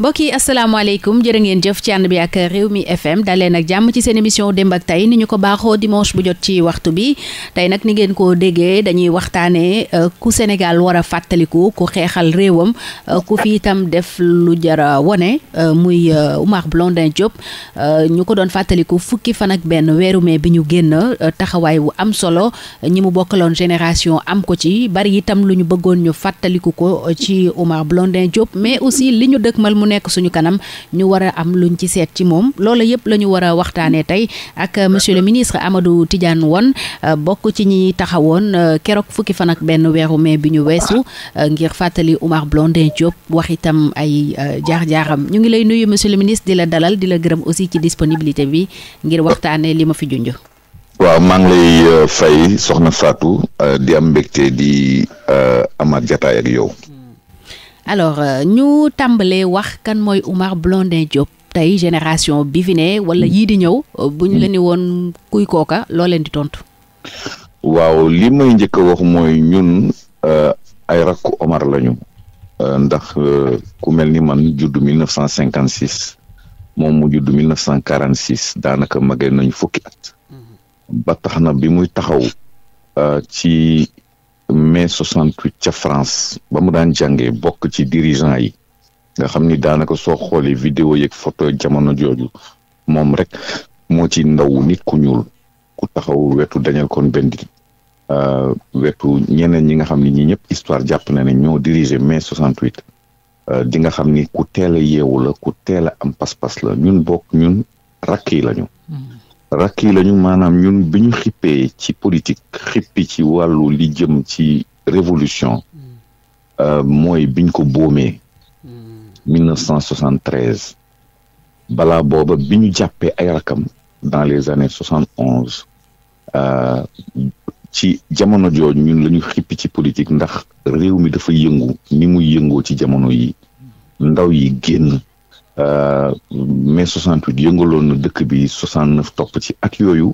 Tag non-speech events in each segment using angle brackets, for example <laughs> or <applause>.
mbokk yi asalaamaaleykum jërë ngeen jëf ci ànd bi ak réew mi FM daleen ak jàmm ci seen émission démb ak tay ni ñu ko baaxoo dimanche bu jot ci waxtu bi tey nag ni ngeen ko déggee dañuy waxtaanee euh, ku senegal war a fàttaliku ku xeexal réewam euh, ku fi itam def lu jara wone euh, muy Oumar Blondin Diop ñu ko doon fàttaliku fukki fan ak benn weeru mai bi ñu génn taxawaay wu am solo ñi mu bokkaloon génération am ko ci bari itam lu ñu bëggoon ñu fàttaliku ko ci Oumar Blondin Diop mais aussi li ñu nekk suñu kanam ñu war a am luñ ci seet ci moom loola yëpp la ñu war a waxtaanee tey ak monsieur le ministre Amadou Tidiane Wone euh, bokk ci ñi taxawoon euh, keroog fukki fan ak benn weeru mais bi ñu weesu euh, ngir fàttali Oumar Blondin Diop wax itam ay jaar-jaaram ñu ngi lay nuyu monsieur le ministre di la dalal di la gërëm aussi ci disponibilité bi ngir waxtaanee li ma fi junj. waaw maa ngi lay fay soxna Fatou di am mbégte di amaat jataay ak yow. alors euh, ñu tàmbalee wax kan mooy Oumar Blondin Diop tey génération bi fi ne wala yii di ñëw euh, buñ ñu la ni woon kuy kooka loo leen di tontu. waaw li may njëkk a wax mooy ñun euh, ay rakku Omar lañu ndax ku mel ni man judd 1956 moom mu judd 1946 daanaka magee nañu fukki at. Mhm. ba na bi muy taxaw ci mais soixante huit ca France ba mu daan jàngee bokk ci dirigeant yi nga xam ni daanaka soo xoolee vidéo yeeg photo jamono jooju moom rek moo ci ndaw nit ku ñuul ku taxaw wetu Daniel Cohn-Bendit euh, wetu ñeneen ñi nga xam ni ñi ñëpp histoire jàpp na ne ñoo dirigé mais soixante huit euh, dinga xam ni ku teel a yeewu la ku teel a am pas-pas la ñun bokk ñun rakk yi lañu. Hmm. rakk yi lañu maanaam ñun bi ñu xippee ci politique xippi ci wàllu li jëm ci révolution hmm. euh, mooy biñ ko boomee 1973 hmm. balaa booba bi ñu jàppee ay rakam dans les années 71 euh, ci jamono jooju ñun la ñu xippi ci politique ndax réew mi dafa yëngu ni muy yëngoo ci jamono yi hmm. ndaw yi génn Euh, mais 68 yëngaloon na dëkk bi 69 topp ci ak yooyu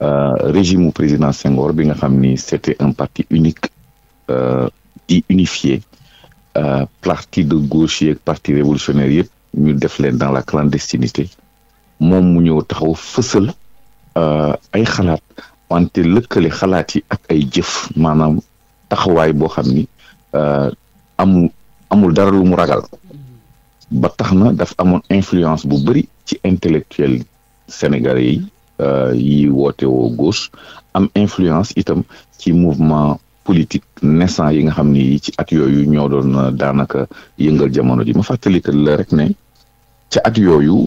euh, régime président Senghor bi nga xam ni c'était un parti unique di euh, unifié parti de gauche yeeg parti révolutionnaire yëpp ñu def leen dans la clandestinité moom mu ñëw taxaw fësal ay xalaat wante lëkkale xalaat yi ak ay jëf maanaam taxawaay boo xam ni amul amul dara lu mu ragal ba tax na daf amoon influence bu bëri ci intellectuel sénégal yi euh, yi woote woo gauche am influence itam ci mouvement politique naissant yi nga xam ni ci at yooyu ñoo doon euh, daanaka yëngal jamono ji ma fàttali que la rek ne ca at yooyu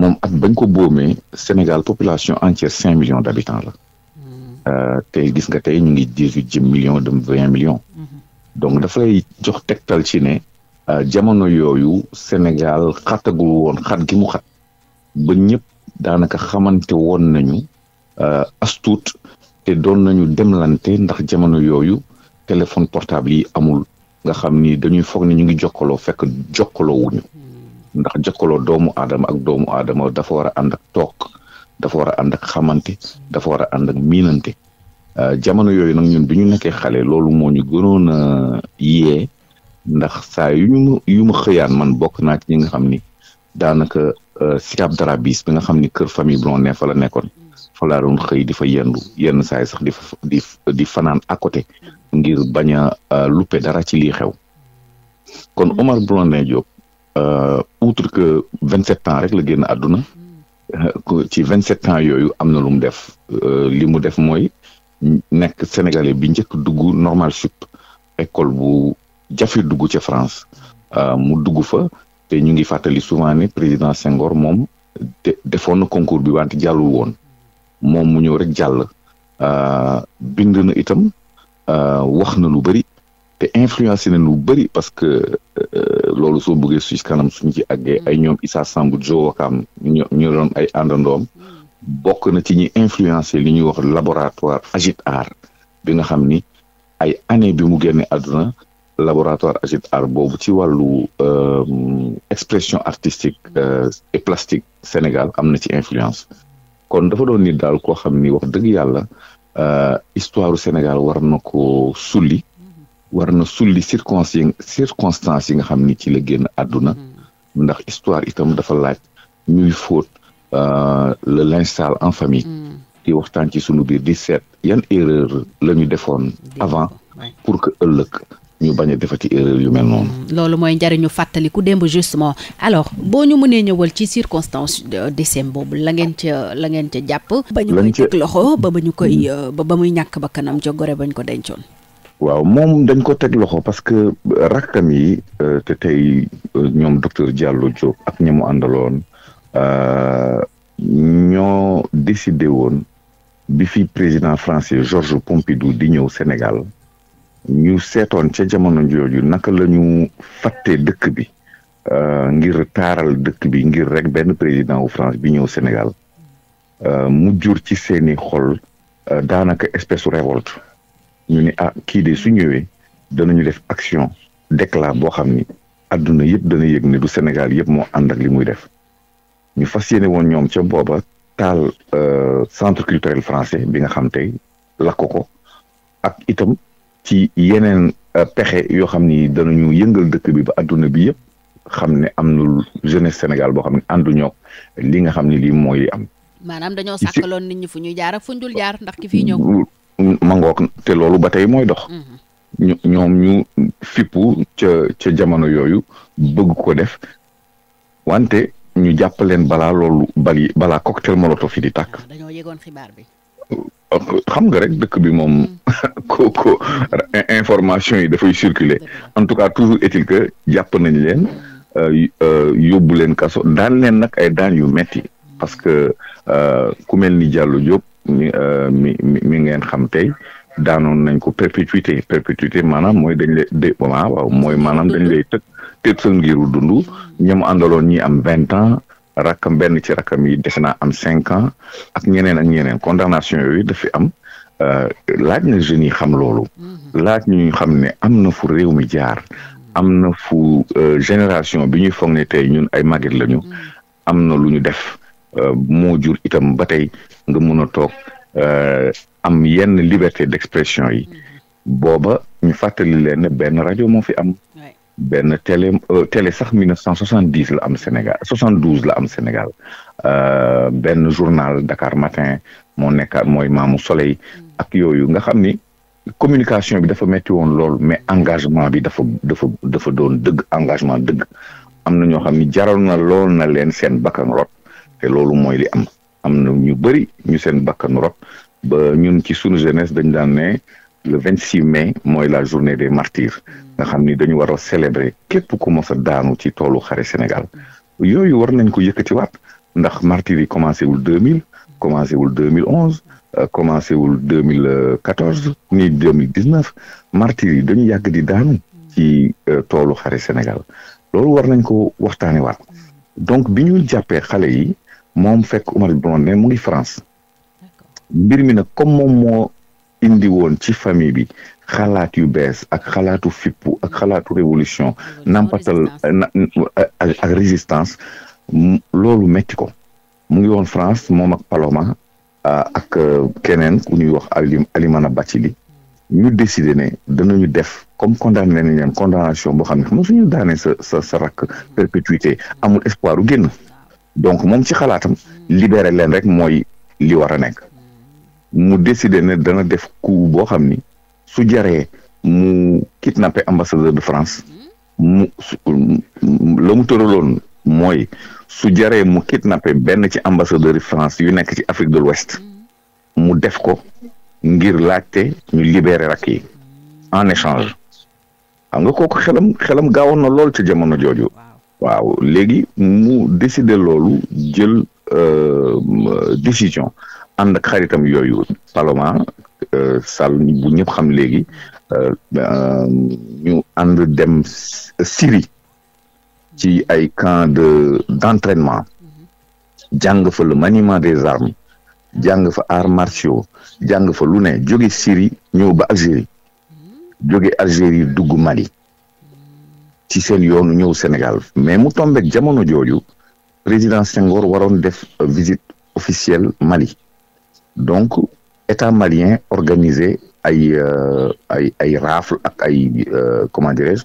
moom at bañ ko boomee Sénégal population entière million millions d' habitants la mm. euh, te gis nga tey ñu ngi dix-huit jëm millions dem vingt millions mm-hmm. donc dafa lay jox tegtal ci ne Euh, jamono yooyu Sénégal xatagul woon xat gi mu xat ba ñëpp daanaka xamante woon nañu euh, astuut te doon nañu demlante ndax jamono yooyu téléphone portable yi amul nga xam ni dañuy foog ni ñu ngi jokkaloo fekk jokkaloo wuñu ndax jokkaloo doomu aadama ak doomu aadama dafa war a ànd ak toog dafa war a ànd ak xamante dafa war a ànd ak miinante euh, jamono yooyu nag ñun bi ñu nekkee xale loolu moo ñu gënoon a yee ndax saa yu ñu yu ma xëyaan man bokk naa ci ñi nga xam ni daanaka dara euh, Darabis ba nga xam ni kër famille Blondin fa la nekkoon fa laa doon xëy di fa yendu yenn saa yi sax di fa di di fanaan à ngir bañ a euh, luppe dara ci lii xew kon Omar Blondin Diop euh, outre que vingt sept ans rek la génn àdduna ci vingt sept ans yooyu am na lu mu def li mu def mooy nekk sénégalais bi njëkk dugg normal sup école bu jafe dugg ca France euh, mu dugg fa te ñu ngi fàttali souvent ne président Senghor moom defoon na concours bi wante jàllul woon moom mu ñëw rek jàll euh, bind na itam euh, wax na lu bëri te influencé na lu bëri parce que loolu soo buggee suñ kanam suñ ci àggee ay ñoom Issa Samb Joe Wakam ñu ñu doon ay àndandoom bokk na ci ñi influencé li ñuy wax laboratoire agit art bi nga xam ni ay année bi mu génne àdduna laboratoire Agit Art boobu ci wàllu euh, expression artistique euh, et plastique Sénégal am na ci influence kon dafa doon nit daal koo xam ni wax dëgg yàlla euh, histoire du Sénégal war na ko sulli war na sulli circonci circonstances yi nga xam ni ci la génn àdduna mm-hmm. ndax histoire itam dafa laaj ñuy fóot le linge sale en famille mm. di waxtaan ci sunu biir di seet yan erreur la defoon avant pour que ëllëg ñu bañ a defati erreur yu mel noonu. Mm, loolu mooy njëriñu fàttaliku démb justement alors boo ñu mënee ñëwal ci circonstance euh, décès boobu la ngeen ca la ngeen ca jàpp. ba ñu koy teg loxo ba ba ñu koy mm. euh, ba muy ñàkk ba kanam jogore bañ ko dencoon. waaw moom dañ ko teg loxo parce que rakkam yi euh, te tey ñoom docteur Diallo Diop ak ñi mu àndaloon ñoo décidé woon bi fi président français Georges Pompidou di ñëw Sénégal. ñu seetoon ca jamono jooju naka lañu fatte dëkk bi euh, ngir taaral dëkk bi ngir rek benn président wu France bi ñëw Sénégal euh, mu jur ci seeni xol euh, daanaka espèce révolte ñu ni ah kii de su ñëwee danañu def action déclare boo xam ni adduna yëpp dana yëg ne du Sénégal yëpp moo ànd ak li muy def ñu fas yéene woon ñoom ca booba taal centre culturel français bi nga xam tey lakk ko ak itam ci yeneen euh, pexe yoo xam ni danañu yëngal dëkk bi ba adduna bi yëpp xam ne am na jeunesse Sénégal boo xam ne ànduñoo li nga xam ne lii mooy am. maanaam dañoo sàkkaloon nit ñi fu ñuy jaar ak fu ñu dul jaar ndax ki fii ñëw. mangook te loolu ba tey mooy dox. Mhm. ñu ñoom ñu fippu ca ca jamono yooyu bëgg ko def wante ñu jàpp leen balaa loolu bali balaa cocktail molotov yi di tàkk. dañoo yëgoon bi. Euh, Euh, xam nga rek dëkk bi moom ko hmm. <laughs> ko information yi dafay circuler en tout cas toujours est-il que jàpp nañ leen hmm. euh, euh, yóbbu leen kaso daan leen nag ay daan yu metti hmm. parce que ku mel ni Diallo Diop mi mi mi ngeen xam tey daanoon nañ ko perpétuité perpétuité maanaam mooy dañ lay dé waaw mooy maanaam dañ lay tëj tëj sa ngiru dund ñamu àndaloon ñi am vingt ans rakkam benn ci rakam yi defe naa am cinq ans ak ñeneen ak ñeneen condamnation yooyu dafi am euh, laaj na jeunes yi xam loolu mm-hmm. laaj ñu xam ne am na fu réew mi jaar mm-hmm. am na fu euh, génération bi ñuy foog ne tey ñun ay màgget lañu mm-hmm. am na lu ñu def euh, moo jur itam ba tey nga mun a toog am yenn liberté d'expression yi booba ñu fàttali leen benn rajo moo fi am benn télé euh, télé sax 1970 la am Sénégal 72 la am Sénégal euh, benn journal Dakar Matin moo nekk mooy maamu Soleil ak yooyu nga xam ni communication bi dafa metti woon lool mais engagement bi dafa dafa dafa doon dëgg engagement dëgg am na ñoo xam ni jaral na lool na leen seen bakkan rot te loolu mooy li am am na ñu bëri ñu seen bakkan rot ba ñun ci sunu jeunesse dañ daan ne. le vingt mooy la journée des martyrs nga xam ni dañu war a célébrer képp ku mos a daanu ci toolu xare Sénégal yooyu war nañ ko yëkkatiwaat ndax martyrs yi commencé wul deux mille commencé wul deux mille onze euh, commencé wul deux mille euh, quatorze ni deux mille dix neuf martyrs yi dañu yàgg di daanu ci euh, toolu xare Sénégal loolu war nañ ko waxtaanewaat donc bi ñu jàppee xale yi moom fekk Omar Blondin mu ngi France mbir mi nag comme moom moo indi woon ci famille bi xalaat yu bees ak xalaatu fippu ak xalaatu révolution nampatal ak résistance loolu metti ko mu ngi woon France moom ak Paloma ak euh, keneen ku ñuy wax Alimana Bathily ñu décidé ne danañu def comme condamné nañ leen condamnation boo xam ne xam suñu daanee sa sa sa rakk amul espoir u donc moom ci xalaatam hmm. libéré leen rek mooy li war a nekk mu décider ne dana def coup boo xam ni su jaree mu kidnappé ambassadeur de France mu la mu tëraloon mooy su jaree mu kidnappé benn ci ambassadeur de France yu nekk ci Afrique de l'Ouest mu def ko ngir laajte ñu libérer rakk yi en échange xam nga kooku xelam xelam gaawoon na lool ci jamono jooju waaw léegi mu décider loolu jël euh, décision ànd ak xaritam yooyu Paloma euh, Sall bu ñëpp xam léegi euh, euh, ñu ànd dem siri ci ay camp de d'entraînement jàng fa le maniement des armes jàng fa arts martiaux jàng fa lu ne jóge Syrie ñëw ba Algérie jóge Algérie dugg Mali ci seen yoonu ñëw Sénégal mais mu tombek jamono jooju président Senghor waroon def visite officielle Mali donc état malien organisé euh, ay ay ay rafle ak ay euh, comment dirais-je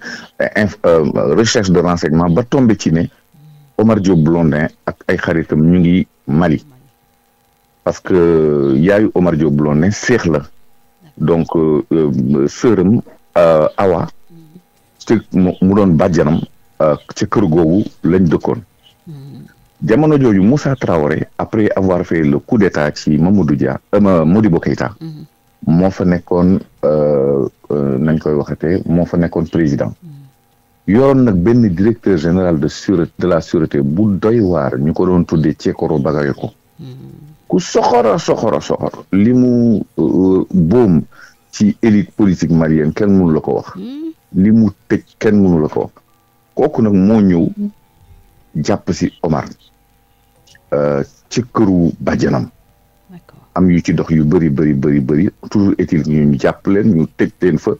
euh, de renseignement ba tombé ci ne Omar Diop Blondin ak ay xaritam ñu ngi Mali parce que yaayu Omar Diop Blondin seex la donc sëram Awa ci mu doon bàjjanam ca kër googu lañ dëkkoon jamono jooju Moussa Traoré après avoir fait le coup d'état ci Mamadou Dia euh, Modibo Keïta mhm. moo fa nekkoon euh, euh, nañ koy waxatee moo fa nekkoon président mhm. yoroon nag benn directeur général de sûreté de la sûreté bu doy waar ñu ko doon tuddee Tiekoro Bagayoko mhm. ku soxora soxora soxor li mu boom ci élite politique malienne kenn mënu la ko wax li mu tëj kenn mënu la ko wax kooku nag moo ñëw jàpp si Omar ci këru bàjjanam am yu ci dox yu bëri bëri bëri bëri toujours est ñu jàpp leen ñu teg teen fa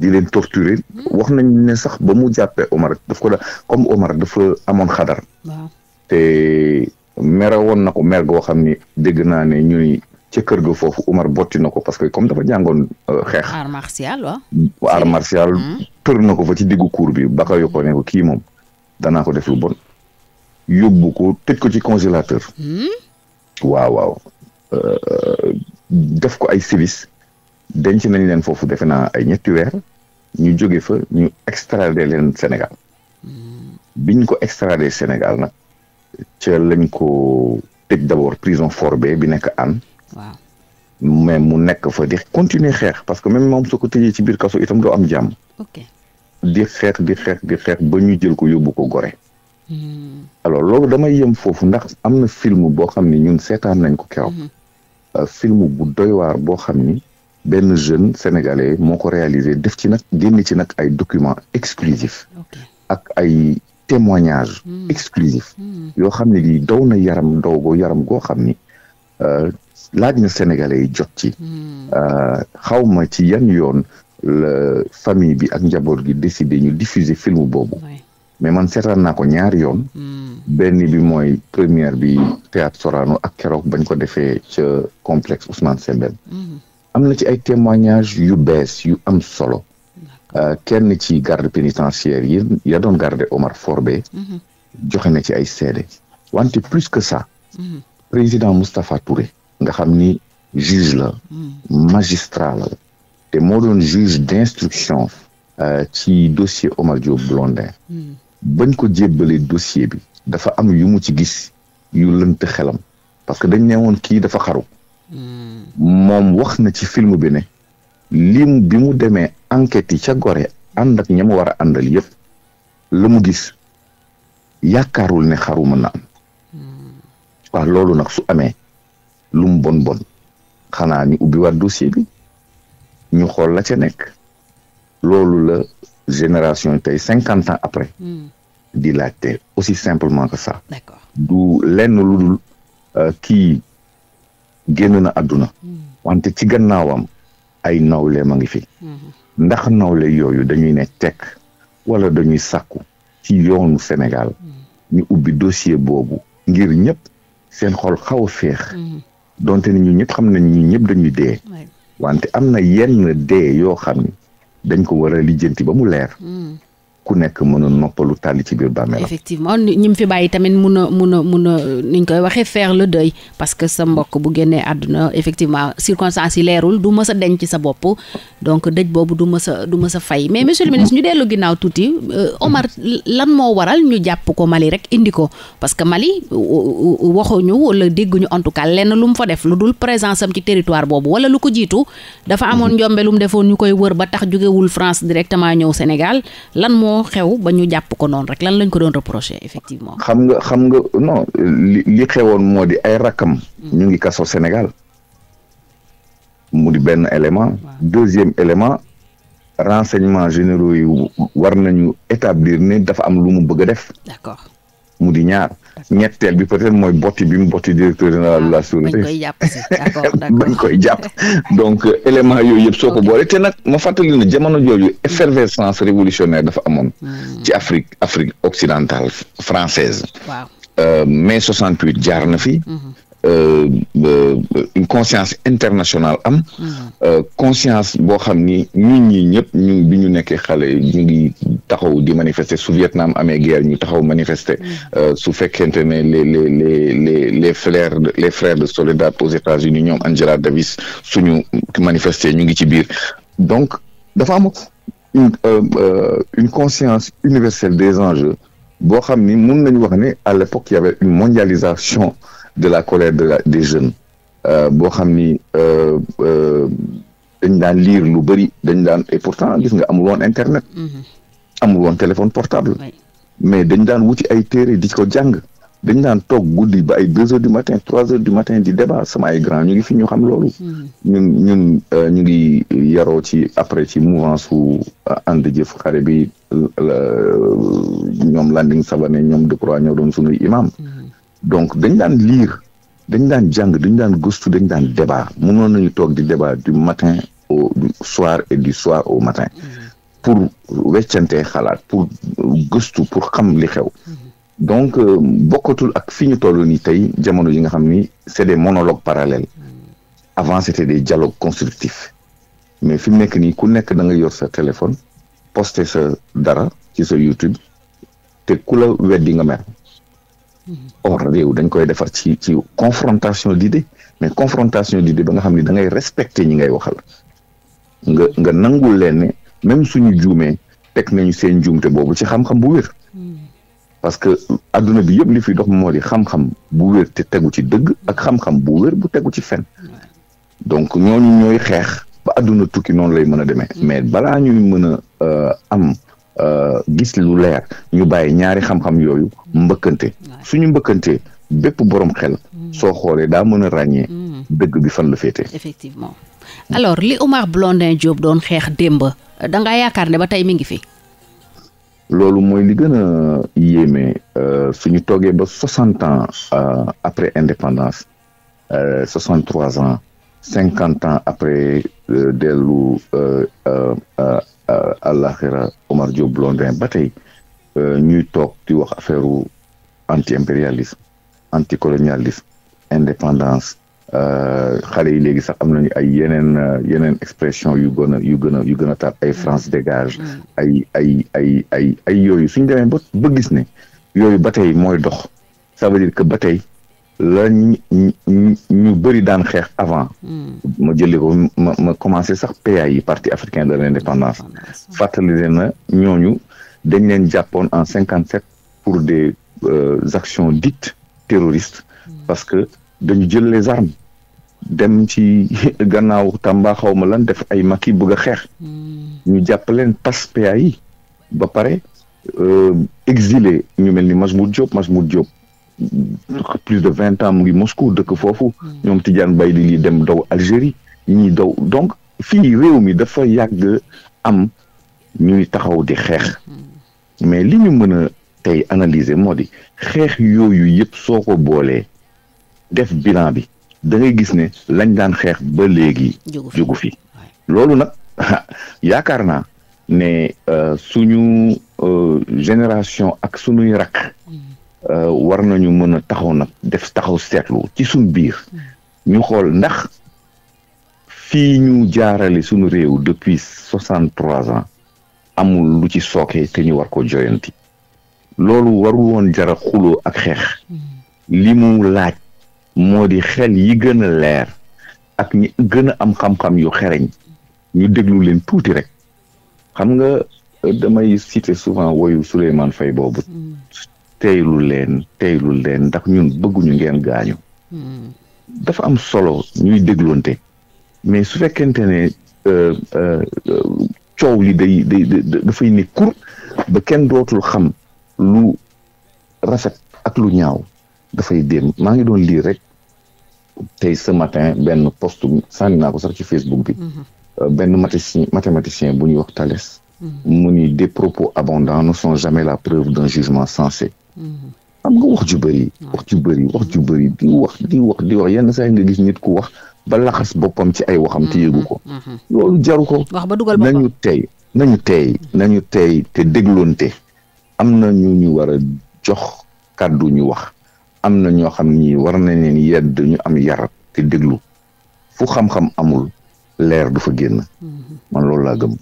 di leen torturer hmm. wax nañ ne sax ba mu jàppee Omar daf ko da comme Omar dafa amoon xadar te mere woon na ko mer goo xam ni dégg naa ne ñu ni ca kër ga foofu Omar botti na ko parce que comme dafa jàngoon euh, xeex. art martial waaw. art martial hmm. tër na ko fa ci diggu cour bi ba ko ne ko kii moom danaa ko def lu hmm. bon yóbbu ko tëj ko ci congélateur. Hmm? waaw waaw euh, def ko ay service denc nañ leen foofu defe naa ay ñetti weer ñu jóge fa ñu extradé leen Sénégal hmm. biñ ko extradé Sénégal nag ca lañ ko tëj d'abord prison Forbé bi nekk Hann. waaw mais mu nekk fa di continuer xeex parce que même moom soo ko tëjee ci biir kaso itam doo am jàmm. di xeex di xeex di xeex ba ñu jël ko yóbbu ko gore Hmm. alors loolu damay yem foofu ndax am na film boo xam ni ñun seetaan nañ ko keroog. Hmm. Euh, film bu doy waar boo xam ni benn jeune sénégalais moo ko réaliser def ci nag génn ci nag ay documents exclusifs ak ay témoignages hmm. exclusifs yoo xam ne lii dow na yaram daw go yaram goo xam ni euh, laaj na sénégalais yi jot ci euh, xawma ci yan yoon la famille bi ak njaboot gi décidé ñu diffuser film boobu. mais man seetaan naa ko ñaari yoon. Mm. benn bi mooy première bi théâtre Sorano ak keroog bañ ko defee ca complexe Ousmane Sembène. Mm-hmm. am na ci ay témoignages yu bees yu am solo. Euh, kenn ci garde pénitentiaire yi ya doon garde Omar Forbé. Mm-hmm. joxe na ci ay seede. wante plus que ça. Mm-hmm. président Moustapha Touré. nga xam ni juge la. Mm. magistrat la. te moo doon juge d'instruction. Euh, ci dossier Omar Diop Blondin. Mm. bañ ko jébbalee dossier bi dafa am yu mu ci gis yu lënt xelam parce que dañ ne woon kii dafa xaru moom wax na ci film bi ne lim bi mu demee enquête yi ca gore ànd ak ña war a àndal yëpp la mu gis yaakaarul ne xaru mën na am waaw loolu nag su amee lu mu bon bon xanaa ñu ubbi waat dossier bi ñu xool la ca nekk loolu la génération yi tey cinquante ans après. Hmm. di laajte aussi simplement que ça. d'accord du lenn lu dul euh, kii génn na adduna hmm. wante ci gannaawam ay nawle ma ngi fi. Hmm. ndax nawle yooyu dañuy ne tek wala dañuy sàkku ci yoonu Sénégal. ñu ubbi dossier boobu ngir ñëpp seen xool xaw a féex. donte ni ñu ñëpp xam nañ ñi ñëpp dañuy dee. wante am na yenn dee yoo xam ni. dañ ko war a lijjanti ba mu leer. Hmm. ku nekk mën a noppalu tàlli ci biir bàmmeelam. effectivement ñi mu fi bàyyi tamit mun a mun a mun a ni ñu koy waxee faire le deuil parce que sa mbokk bu génnee àdduna effectivement circonstances yi leerul du mës a denc ci sa bopp donc dëj boobu du mës a du mës a fay mais monsieur le ministre ñu dellu ginnaaw tuuti euh, Omar lan moo waral ñu jàpp ko Mali rek indi ko parce que Mali waxuñu wala dégguñu en tout cas lenn lu mu fa def lu dul présence am ci territoire boobu wala lu ko jiitu dafa amoon mhm. njombe lu mu defoon ñu koy wër ba tax jógewul France directement ñëw Sénégal moo xew ba ñu jàpp ko noonu rek lan lañ ko doon reproché effectivement. xam nga xam nga non li xewoon moo di ay rakkam. Mm. ñu ngi kaso Sénégal. mu di benn élément. deuxième élément renseignements généraux yi war nañu établir ne dafa am lu mu bëgg a def. d'accord. mu di ñaar ñetteel bi peut-être mooy botti bi mu botti directeur général de la ah, sûreté bañ <laughs> koy jàpp donc euh, élément yooyu yëpp soo ko boole te nag ma fàttali na jamono jooju hmm. effervescence révolutionnaire dafa amoon hmm. ci Afrique Afrique occidentale française euh, mai 68 jaar na fi hmm. Euh, euh, une conscience internationale am. Euh, conscience boo xam ni ñun ñi ñëpp ñu bi ñu nekkee xale ñu ngi taxaw di manifester su Vietnam amee guerre ñu taxaw manifeste su fekkente ne le les les les les frères de Soledad aux États-Unis ñoom Angela Davis suñu manifester ñu ngi ci biir donc dafa am une une conscience universelle des enjeux boo xam ni mun nañu wax ne à l'époque il y une mondialisation. de la colère de la des jeunes euh, boo xam ni euh, euh, dañ daan liir lu bëri dañ daan et pourtant gis nga amul woon internet. Mm-hmm. amul woon téléphone portable. mais dañ daan wuti ay téere di ko jàng dañ daan toog guddi ba ay deux heures du matin trois heures du matin di débat sama ay grand ñu ngi fi ñu xam loolu. Mm-hmm. ñun ñun ñu ngi yaroo ci après ci mouvement su ànd jëf xare bi ñoom Landing Savané ñoom Decroix ñoo doon sunuy imam. Mm-hmm. donc dañ daan liir dañ daan jàng dañ daan gëstu dañ daan débat mënoon nañu toog di débat du matin au soir et du soir au matin mm-hmm. pour weccante xalaat pour gëstu pour xam li xew mm-hmm. donc euh, bokkatul ak fi ñu toll nii tey jamono ji nga xam ni c'est des monologues parallèles mm-hmm. avant c'était des jaloog constructifs mais fi mu nekk nii ku nekk da nga yor sa téléphone poster sa dara ci sa YouTube te ku la weddi nga mer or réew dañ koy defar ci ci confrontation dé mais confrontation d'idée ba nga xam ni dangay ngay ñi ngay waxal nga nga nangul leen ne même suñu juumee teg nañu seen juumte boobu ci xam-xam bu wér parce que adduna bi yëpp li fi dox moo di xam-xam bu wér te tegu ci dëgg ak xam-xam bu wér bu tegu ci fen donc ñooñu ñooy xeex ba adduna tukki noonu lay mën a demee mm. mais balaa ñuy mën a euh, am Euh, gis lu leer ñu bàyyi ñaari xam-xam yooyu mbëkkante suñu mbëkkante bépp borom xel mm. soo xoolee daa mën a ràññee mm. dëgg bi fan la féete. effectivement alors li Omar Blondin Diop doon xeex démb da yaakaar ne ba tey mi ngi fi. loolu mooy li gën a yéeme euh, suñu toogee ba soixante ans euh, après indépendance soixante trois ans cinquante ans après dellu Euh, àllaaxira Omar Diop Blondin ba tey euh, ñuy toog di wax affaire anti impérialisme anti colonialisme indépendance euh, xale yi léegi sax am nañu ay yeneen yeneen expression yu gën a yu gën a yu gën a tar ay France mm. dégage mm. ay ay ay ay ay yooyu suñ demee ba ba gis ne yooyu ba tey mooy dox ça veut ba tey la ñu ñu bëri daan xeex avant. Hmm. ma jëlee ko ma ma commencé sax PAI yi parti africain de l' indépendance. fàttali leen na ñooñu dañ leen jàppoon en cinquante sept pour des euh, actions dites terroristes. Hmm. parce que dañu jël les armes. dem ci <laughs> gannaaw Tamba xaw ma lan def ay makki bëgg a xeex. Hmm. ñu jàpp leen pas yi ba pare euh, exilé ñu mel ni Majmout Diop Majmout Diop. plus de vingt ans mu ngi Moscou dëkk foofu hmm. ñoom Tidiane Bay li lii dem daw Algérie yi ñuy daw donc fii réew mi dafa yàgg am ñuy taxaw di xeex hmm. mais li ñu mën a tey analyser moo di xeex yooyu yëpp soo ko boolee def bilan bi da ngay gis ne lañ daan xeex ba léegi jógu fi loolu nag <laughs> yaakaar naa ne euh, suñu euh, génération ak suñuy rakk hmm. Euh, war nañu mën a taxaw nag def taxaw seetlu ci suñ biir hmm. ñu xool ndax fii ñu jaarale suñu réew depuis soixante trois ans amul lu ci sooke te ñu war ko joyanti loolu warul woon jara xuloo ak xeex hmm. li mu laaj moo di xel yi gën a leer ak ñi gën a am xam-xam yu xereñ ñu déglu leen tuuti rek xam nga euh, damay citer souvent woyu Souleymane Faye boobu hmm. teylu leen teylu leen ndax ñun bëgguñu ngeen gaañu. Hmm. dafa am solo ñuy dégloonte mais su fekkente ne euh, euh, euh, coow li day day dafay ne kur ba kenn dootul xam lu rafet ak lu ñaaw dafay dem maa ngi doon lii rek tey ce matin benn post sànni naa ko sax ci Facebook bi. Hmm. benn mathématicien mathématicien bu ñuy wax Thalès. Hmm. mu ni des propos abondants ne sont jamais la preuve d'un jugement sensé. am nga wax ju bëri wax ju bëri wax ju bëri di wax di wax di wax yenn saa nga gis nit ku wax ba laxas boppam ci ay waxam te mm-hmm. yëgu ko mm-hmm. loolu jaru ko wax ba dugal na ñu tey nañu tey nañu tey te dégloonte am na ñu ñu war a jox kàddu ñu wax am na ñoo xam ñi war na leen yedd ñu am yar te déglu fu xam-xam amul leer du fa génn mm-hmm. man loolu laa gëm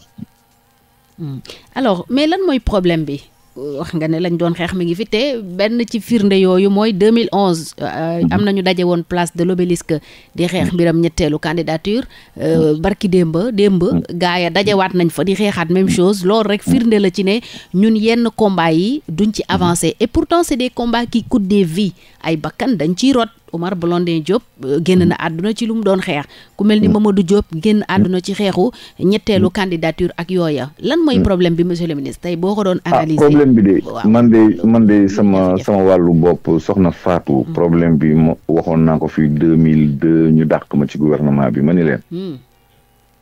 mm. alors mais lan mooy problème bi wax nga ne lañ doon xeex mi ngi fi te benn ci firnde yooyu mooy 2011. Euh, am nañu daje woon place de l'obélisque di xeex mbiram ñetteelu candidature. Euh, barki démba démba gaaya dajewaat nañ fa di xeexaat même chose loolu rek firnde la ci ne ñun yenn combat yi duñ ci avancé et pourtant c'est des combats qui coûtent des vies ay bakkan dañ ciy rot. Omar Blondin Diop euh, génn na àdduna ci lu mu doon xeex ku mel ni mm. Mamadou Diop génn àdduna ci xeexu ñetteelu mm. candidature ak yooya lan mooy mm. problème bi monsieur le ministre tey boo ko doon ah, analyser problème bi de man de man de sama sama wàllu bopp soxna Fatou problème bi mo waxoon naa ko fii deux mille ñu dàq ma ci gouvernement bi ma ni leen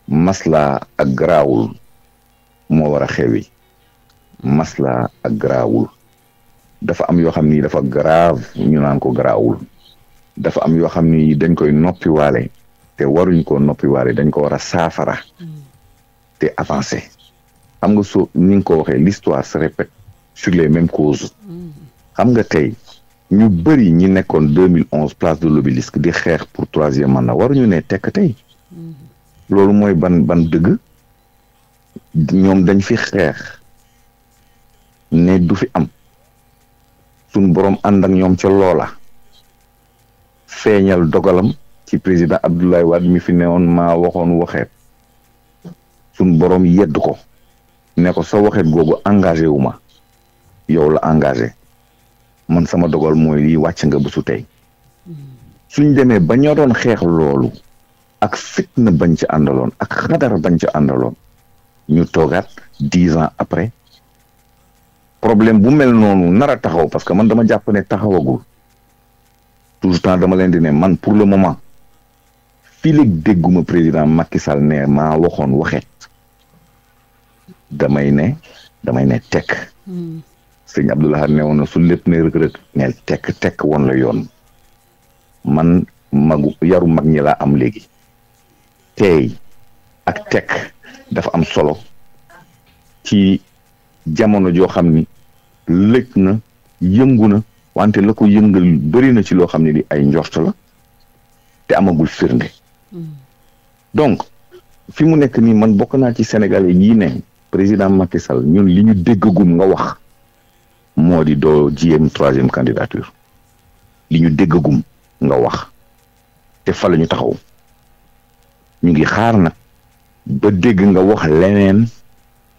maslaa ak garaawul moo war a xewi maslaa ak garaawul dafa am yoo xam ni dafa grave ñu naan ko garaawul dafa am yoo xam ni dañ koy noppiwaale te waruñ koo noppiwaale dañ ko war a saafara te avancé xam nga soo ni nga ko waxee l'histoire se répète sur les mêmes causes xam nga tey ñu bëri ñi nekkoon 2011 place de l'Obélisque di xeex pour troisième mandat waruñu ne tekk tey loolu mooy ban ban dëgg ñoom dañ fi xeex ne du fi am suñ boroom ànd ak ñoom ca loola feeñal dogalam ci président Abdoulaye Wade mi fi nee newoon maa waxoon waxeet suñ borom yedd ko ne ko sa waxeet googu engagé wu ma yow la engage man sama dogal mooy lii wàcc nga bésu tey suñ demee ba ñoo doon xeex loolu ak fitna bañ ci àndaloon ak xadar bañ ci àndaloon ñu toogaat dix ans après problème bu mel noonu nara taxaw parce que man dama jàpp ne taxawagul toujours temps dama leen di man pour le moment fii léegi dégguma président Macky Sall ne maa waxoon waxet damay ne damay ne tekk hmm. sëñ Abdoulaye ne woon su lépp ne rëkk rëkk ne tekk tek woon la yoon man magu yaru mag ñi laa am léegi teey ak tekk dafa am solo ci jamono joo xam ni lëj na yëngu na wante la ko yëngal bëri na ci loo xam ne li ay njort la te amagul firnde donc fi mu nekk nii man bokk naa ci sénégalais yi ne président Macky Sall ñun li ñu déggagum nga wax moo di doo jiyem troisième candidature li ñu déggagum nga wax te fa la ñu taxaw ñu ngi xaar nag ba dégg nga wax leneen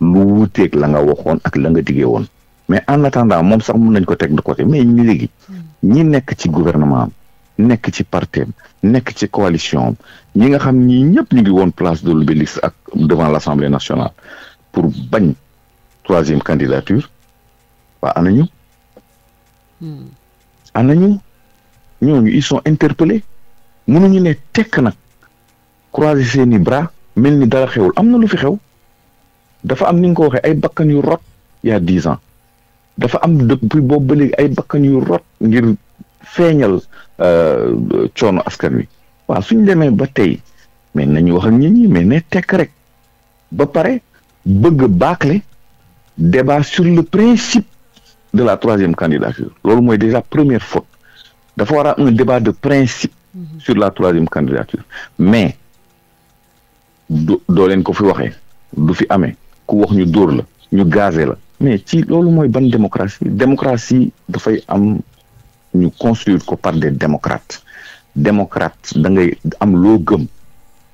lu wuteeg la nga waxoon ak la nga diggee woon mais en attendant moom sax mun nañ ko teg de côté mais ñu léegi ñi nekk ci gouvernement am nekk ci partem nekk ci coalition am ñi nga xam ñi ñëpp ñu ngi woon place de l'Obélisque ak devant l'Assemblée nationale pour bañ troisième candidature waa anañu hmm. anañu ñooñu ils sont interpellés mënuñu ne tekk nag croiser seeni bras mel ni dara xewul am na lu fi xew dafa am ni nga ko waxee ay bakkan yu rot il y a dafa am depuis boobu ba léegi ay bakkan yu rot ngir feeñal euh, coono askan wi waaw suñ demee ba tey mais nañu wax ak nit ñi mais ne tekk rek ba pare bëgg bâcler débat sur le principe de la troisième candidature loolu mooy déjà première faute dafa war a un débat de principe mhm. sur la troisième candidature mais du doo leen ko fi waxee du fi amee ku wax ñu dóor la ñu gazé la mais ci loolu mooy ban démocratie démocratie dafay am ñu construire ko par des démocrates démocrate da ngay am loo gëm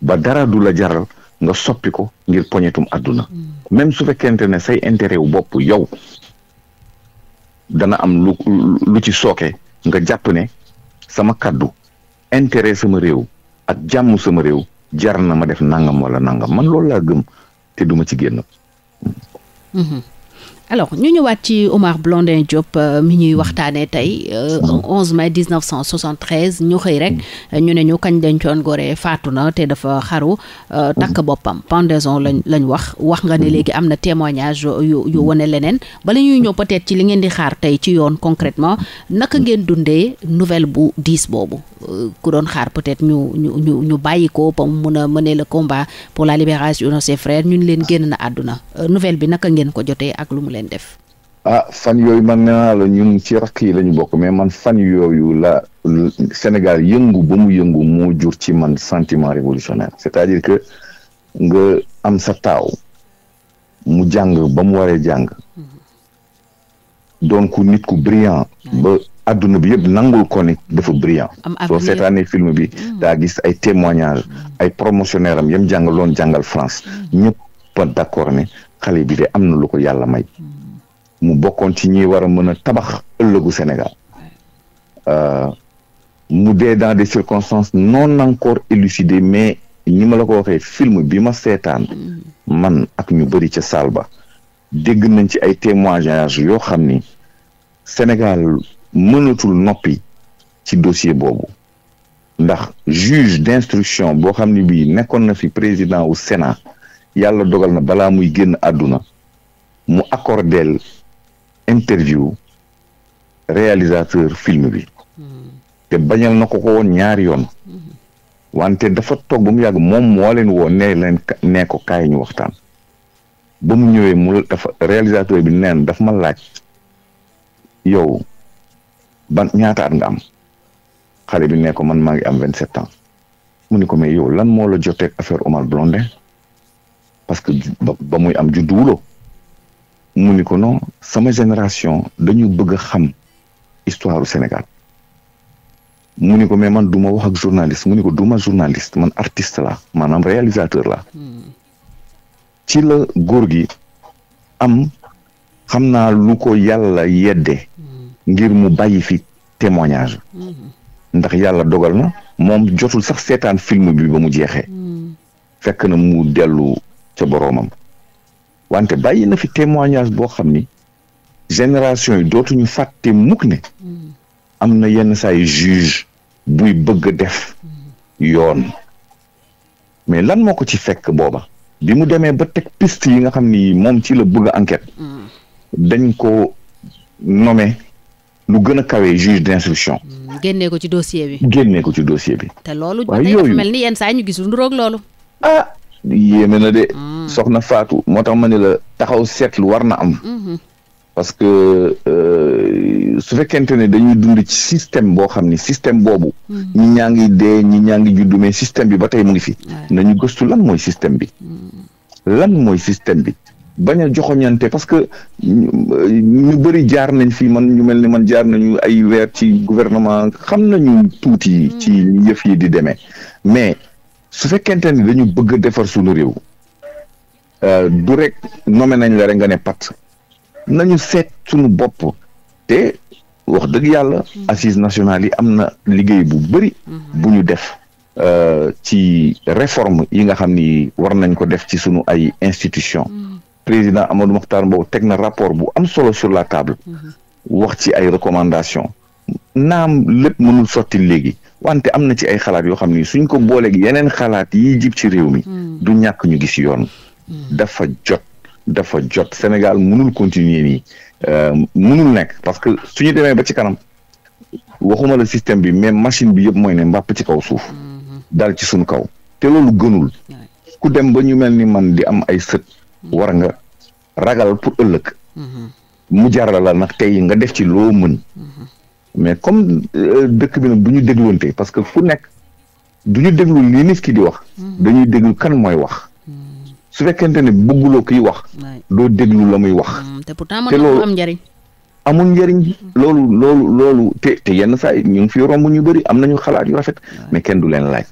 ba dara du la jaral nga soppi ko ngir poñetum àdduna mm. même su fekkente ne say intérêt wu bopp yow dana am lu lu ci sooke nga jàpp ne sama kàddu intérêt sama réew ak jàmm sama réew jaral na ma def nangam wala nangam man loolu laa gëm te duma ci génn Mm alors ñu ñëwaat ci Omar Blondin Diop euh, mi ñuy mm. waxtaanee tey 11 euh, mm. mai 1973 ñu xëy rek euh, ñu ne ñu kañ dencoon Gorée faatu na te dafa xaru mm. takk boppam pendaison lañ lañ wax wax nga ne léegi am na témoignage yu yu wane leneen bala ñuy ñëw peut-être ci li ngeen di xaar tey ci yoon concrètement naka ngeen dundee nouvelle bu diis boobu ku doon xaar peut-être ñu ñu ñu ñu bàyyi ko ba mu mun a mener le combat pour la libération de ses ñu ñun leen génn na àdduna nouvelle bi naka ngeen ko jotee ak lu ngeen def. ah fan yooyu man nee la ñun ci rakk yi la bokk mais man fan yooyu la Sénégal yëngu ba mu yëngu moo jur ci man sentiment révolutionnaire c'est-à-dire que nga am sa taaw mu jàng ba mu waree jàng donc nit ku brillant ba adduna bi yëpp nangul ko dafa brillant soo seetaanee film bi mm. daa gis ay témoignages mm. ay promotionnaire am yam jàngaloon jàngal France mm. ñëpp d'accord ne xale bi de am na lu ko yàlla may mu bokkoon ci ñi war a mën a tabax ëllëgu Sénégal euh, mu dee dans des circonstances non encore élucidées mais ñi ma la ko waxee film bi ma seetaan man ak ñu bëri ca salle ba dégg nañ ci ay témoignages yoo xam ni Sénégal mënatul noppi ci dossier boobu ndax juge d'instruction boo xam ni bii nekkoon na fi président wu Sénat yàlla dogal na balaa muy génn àdduna mu accordeel interview réalisateur film bi te bañal na ko ko woon ñaari yoon wante dafa toog ba mu yàgg moom moo leen woon nee leen nee ko kaay ñu waxtaan ba mu ñëwee mu dafa réalisateur bi neen daf ma laaj yow ban ñaata at nga am xale bi nee ko man maa ngi am vingt sept ans mu ni ko mais yow lan moo la jotee affaire Omar Blondin parce que ba muy am juddu wulo mu ni ko non sama génération dañu bëgg xam histoire u Sénégal mu ni ko mais man duma wax ak journaliste mu ni ko du ma journaliste man artiste la maanaam réalisateur la ci la góor gi am xam naa lu ko yàlla yedde ngir mu bàyyi fi témoignage ndax yàlla dogal na moom jotul sax seetaan film bi ba mu jeexee fekk na mu dellu ca boroomam wante bàyyi na fi témoignage boo xam ni génération yi dootuñu fàtte mukk ne am na yenn saay juge buy bëgg a def yoon mais lan moo ko ci fekk booba bi mu demee ba teg piste yi nga xam ni moom ci la bëgg a dañ ko nommé lu gën a kawee juge d'instruction. Hmm, génnee ko ci dossier bi. génnee ci dossier bi. te loolu. waaye yooyu mel ni yenn saa ñu gisul nduroog loolu. Ah, yéeme na de. Mm. soxna Fatou moo tax ma ne la taxaw seetlu war na am. Mm-hmm. parce que euh, su fekkente ne dañuy dund ci système boo xam ne système boobu. Mm-hmm. ñi ñaa ngi dee ñi ñaa ngi juddu mais système bi ba tey mu ngi fi. nañu gëstu lan mooy système bi. Mm-hmm. lan mooy système bi. bañ a joxoñante parce que euh, ñu bëri jaar nañ fii man ñu mel ni man jaar nañu ay weer ci gouvernement xam nañu tuuti ci mm. yëf yi di demee mais. su fekkente ni dañu bëgg defar suñu réew euh, du rek nommé nañ la rek nga ne pat nañu seet suñu bopp te wax dëgg yàlla assises nationales yi am na liggéey bu bëri bu ñu def euh, ci réforme yi nga xam ni war nañ ko def ci suñu ay institution président Amadou Mokhtar Mbow teg na rapport bu am solo sur la table wax ci ay recommandations naam lépp mënul sotti léegi wante am na ci ay xalaat yoo xam ni suñ ko booleeg yeneen xalaat yiy jib ci réew mi hmm. du ñàkk ñu gis yoon hmm. dafa jot dafa jot Sénégal mënul continuer nii euh, mënul nekk parce que suñu demee ba ci kanam waxuma la système bi mais machine bi yëpp mooy ne mbàpp ci kaw suuf hmm. dal ci suñ kaw te loolu gënul ku dem ba ñu mel ni man di am ay sët war nga ragal pour ëllëg mu jaral la nag tey nga def ci loo mën mais comme euh, dëkk bi nag du ñu dégluwante parce que fu nekk du ñu déglu li nit ki di wax. Mm-hmm. dañuy déglu kan mooy wax. Mm-hmm. su fekkente ne bëgguloo kiy wax. doo déglu la muy wax. Mm-hmm. te pourtant mën na am amul njëriñ loolu loolu loolu te te yenn saa yi ñu ngi fi romb ñu bëri am ñu xalaat yu rafet mais kenn du leen laaj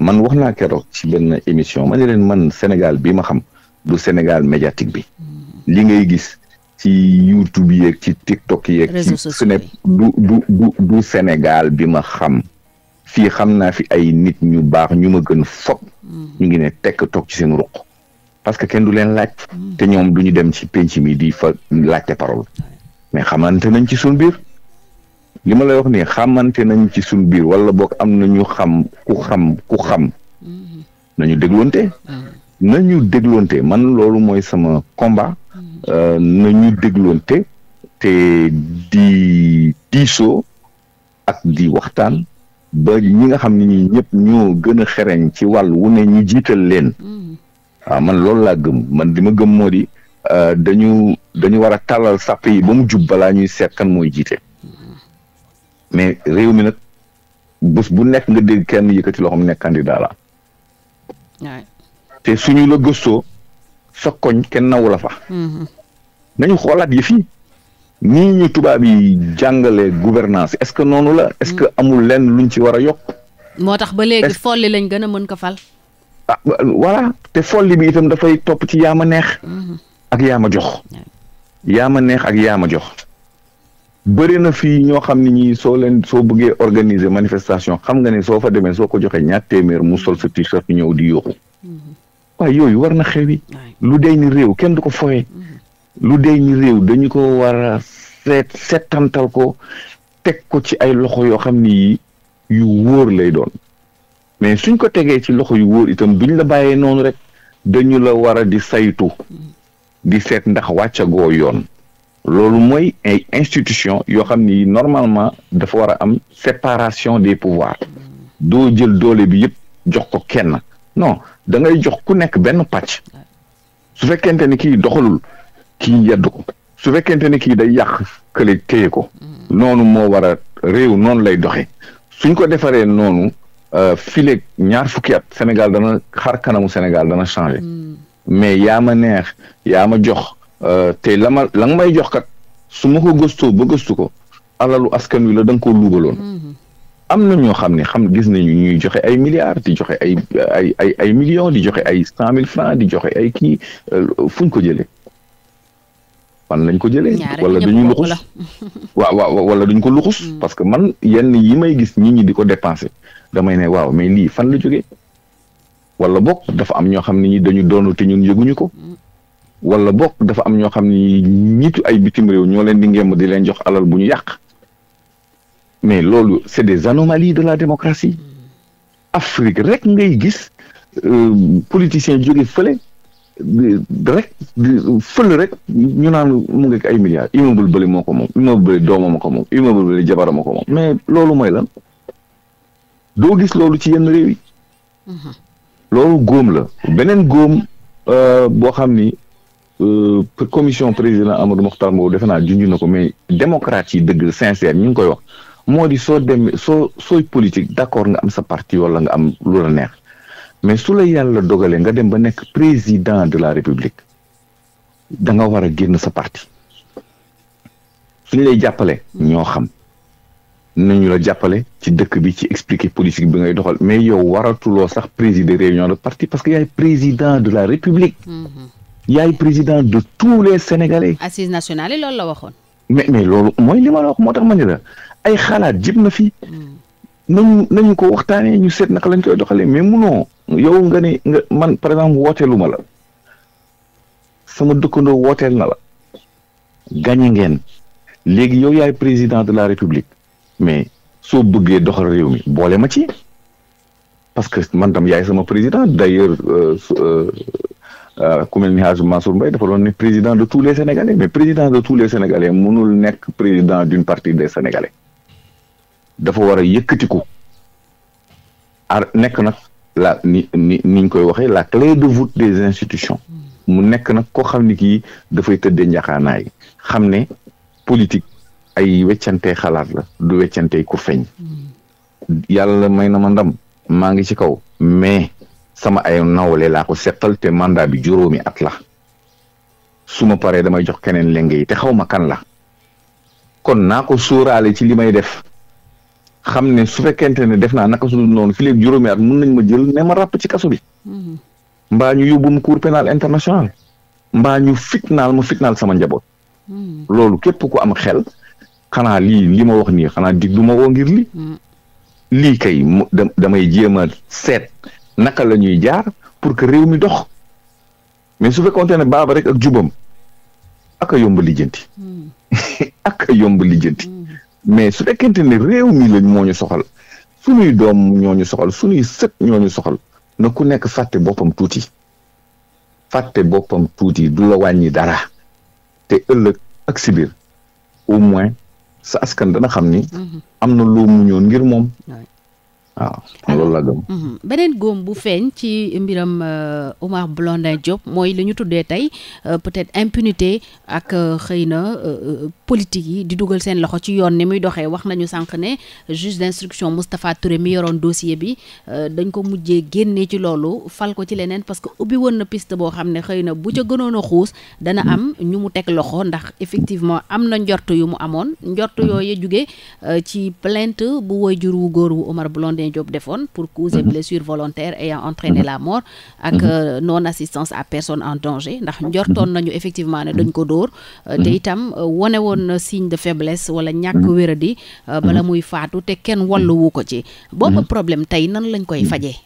man wax naa keroog ci benn émission ma ne man Sénégal bi ma xam du Sénégal médiatique bi li ngay gis ci YouTube yeeg ci TikTok yeeg ci su ne du du du du Sénégal bi ma xam fii xam naa fi ay nit ñu baax ñu ma gën fop mm. ñu ngi ne tekk toog ci seen ruq parce que kenn du leen laaj mm. te ñoom du ñu dem ci penc mii di fa laajte parole mais xamante nañ ci sun biir li ma lay wax nii xamante nañ ci suñ biir wala boog am na ñu xam ku xam ku xam mm-hmm. nañu dégloonte ah. nañu dégloonte man loolu mooy sama combat Euh, nañu dégloonte te di diisoo ak di waxtaan ba ñi nga xam ne ñi ñëpp ñoo gën a xereñ ci wàll wu ne ñu jiital leen waaw man loolu laa gëm man li ma gëm moo di euh, dañu dañu war a tàllal sàpp yi ba mu jub balaa ñuy seet kan mooy jiite mais réew mi nag bés bu nekk nga dégg kenn yëkkati loxoom nekk candidat la te suñu la gëstoo sa koñ kenn nawu la fa. Mhm. nañu xoolaat yëf yi nii ñu tubaab yi jàngale gouvernance est-ce que noonu la. est-ce que mhm. amul lenn luñ ci war a yokk. moo tax ba léegi folli lañ gën a mën ko fal. ah te folli bi itam dafay topp ci yaama mhm. neex. ak yaama jox. yaama neex ak yaama jox. bëri na fii ñoo xam ne ñii soo leen soo bëggee organiser manifestation xam nga ne soo fa demee soo ko joxee ñaat téeméer mu sol sa t-shirt ñëw di yóoxu. waaye yooyu war na xewi lu dee ni réew kenn du ko foye mm-hmm. lu dee ni réew dañu ko war a seet seetantal ko teg ko ci ay loxo yoo xam ni yu wóor lay doon mais suñ ko tegee ci loxo yu wóor itam bu duñ la bàyyee noonu rek dañu la war a di saytu mm-hmm. di seet ndax wàccagoo yoon loolu mooy ay institution yoo xam ni normalement dafa war a am separation des pouvoirs mm-hmm. doo jël doole bi yëpp jox ko kenn non da ngay jox ku nekk benn pàcc su fekkente ni kii doxalul kii yedd ko su fekkente ne kii day yàq kële téye ko mm. noonu moo war a réew noonu lay doxee suñ ko defaree noonu euh, fileeg ñaar fukki at Sénégal dana xar kanamu Sénégal dana changé mm. mais yaa ma neex yaa ma jox euh, te la ma la may jox kat su ma ko gëstoo ba gëstu ko alalu askan wi la da ko koo luubaloon mm. am na ñoo xam ne xam gis nañu ñuy joxe ay milliards di joxe ay ay ay ay di joxe ay cent mille francs di joxe ay kii euh, fuñ ko jëlee fan lañ ko jële wala dañu luxus waaw <laughs> waaw wala dañ ko luxus mm. parce que man yenn yi may gis nit ñi di ko dépensé damay ne waaw mais lii fan la jógee wala bokk dafa am ñoo xam ne ñi dañu doonu te ñun yëguñu ko mm. wala bokk dafa am ñoo xam ne ñiitu ay bitim réew ñoo leen di ngémm di leen jox alal bu ñu yàq mais loolu c' est des anomalies de la démocratie Afrique rek ngay gis euh, politicien jóge fële rek fële rek ñu naan mu ngekk ay milliards immeuble bële moo ko moom immeuble bële doomam ko moom immeuble bële jabaram ko moom mais loolu mooy lan doo gis loolu ci yenn réew yi loolu góom la beneen góom euh, boo xam ni euh, commission président Amadou Mokhtar Mbow defe naa junj na ko mais démocrate yi dëgg sincère ñu ngi koy wax moo di soo dem soo sooy politique d'accord nga am sa parti wala nga am lu la neex mais su la yàlla dogalee nga dem ba nekk président de la république da nga war a génn sa parti su ñu lay jàppale ñoo xam nañu la jàppale ci dëkk bi ci expliquer politique bi ngay doxal mais yow waratuloo sax présider réunion de parti parce que yaay président de la république. Mm-hmm. yaay président de tous les sénégalais. assise nationale loolu la waxoon. mais mais loolu mooy li ma moo tax ma ni la ay xalaat jëm na fi. nañu nañu ko waxtaanee ñu seet naka lañ koy doxalee mais munoo yow nga ne nga man par exemple wooteelu ma la sama dëkkandoo wooteel na la gañe ngeen léegi yow yaay président de la république mais soo bëggee doxal réew mi boole ma ci parce que man tam yaay sama président d'ailleurs euh, euh, Euh, ku mel ni Hadj Mansour Mbaye dafa doon ne président de tous les Sénégalais mais président de tous les Sénégalais mënul nekk président d'une partie de Sénégalais dafa war a yëkkatiku ar nekk nag la ni ni ni ñu koy waxee la clé de voûte des institutions mu nekk nag koo xam ni kii dafay tëdde njaxaanaay xam ne politique ay weccantee xalaat la du weccantee ku feeñ yàlla may na ma ndam maa ngi ci kaw mais sama ay nawle laa ko seqal te mandat bi juróomi at la suma ma paree damay jox keneen lenge yi te xaw ma kan la kon naa ko sóoraale ci li may def xam ne su fekkente ne def naa naka su noon noonu fii léegi juróomi at mun nañ ma jël ne ma ràpp ci kaso bi mhm. mbaa ñu yóbbum cour pénal international mbaa ñu fitnaal ma fitnaal sama njaboot mhm. loolu képp ku am xel xanaa lii li ma wax nii xanaa dig du ma woo ngir li mhm. lii kay damay jéem a seet naka la ñuy jaar pour que réew mi dox mais su fekkoonte ne baaba rek ak jubam ak yomb lijjanti <laughs> ak yomb lijjanti mais su fekkente ne réew mi lañ moo ñu soxal suñuy doom ñoo ñu soxal suñuy sët ñoo soxal na ku nekk fàtte boppam tuuti fàtte boppam tuuti du la wàññi dara te ëllëg ak si biir au moins sa askan dana xam ni mhm. am na loo muñoon ngir moom. waaw ah. loolu mhm. beneen góom bu feeñ ci mbiram euh, Omar Blondin Diop mooy li ñu tuddee tey euh, peut-être impunité ak euh, xëy na politique yi di dugal seen loxo ci yoon ni muy doxee wax nañu sànq ne juge d'instruction Moustapha Touré mi yoroon dossier bi dañ ko mujjee génnee ci loolu fal ko ci leneen parce que ubbi woon na piste boo xam ne xëy na bu ca gënoon a xuus dana am ñu mu teg loxo ndax effectivement am na njort yu mu amoon njort yooyu juge ci plainte bu woy jur wu góor wu Omar Damien Diop defoon pour cause et mhm. blessure volontaire ayant entraîné mhm. la mort ak mhm. euh, non assistance à personne en danger ndax njortoon nañu effectivement ne dañ ko dóor euh, te itam euh, wone woon signe de faiblesse wala ñàkk wéradi bala muy faatu te kenn walluwu ko ci boobu problème tey nan lañ koy fajee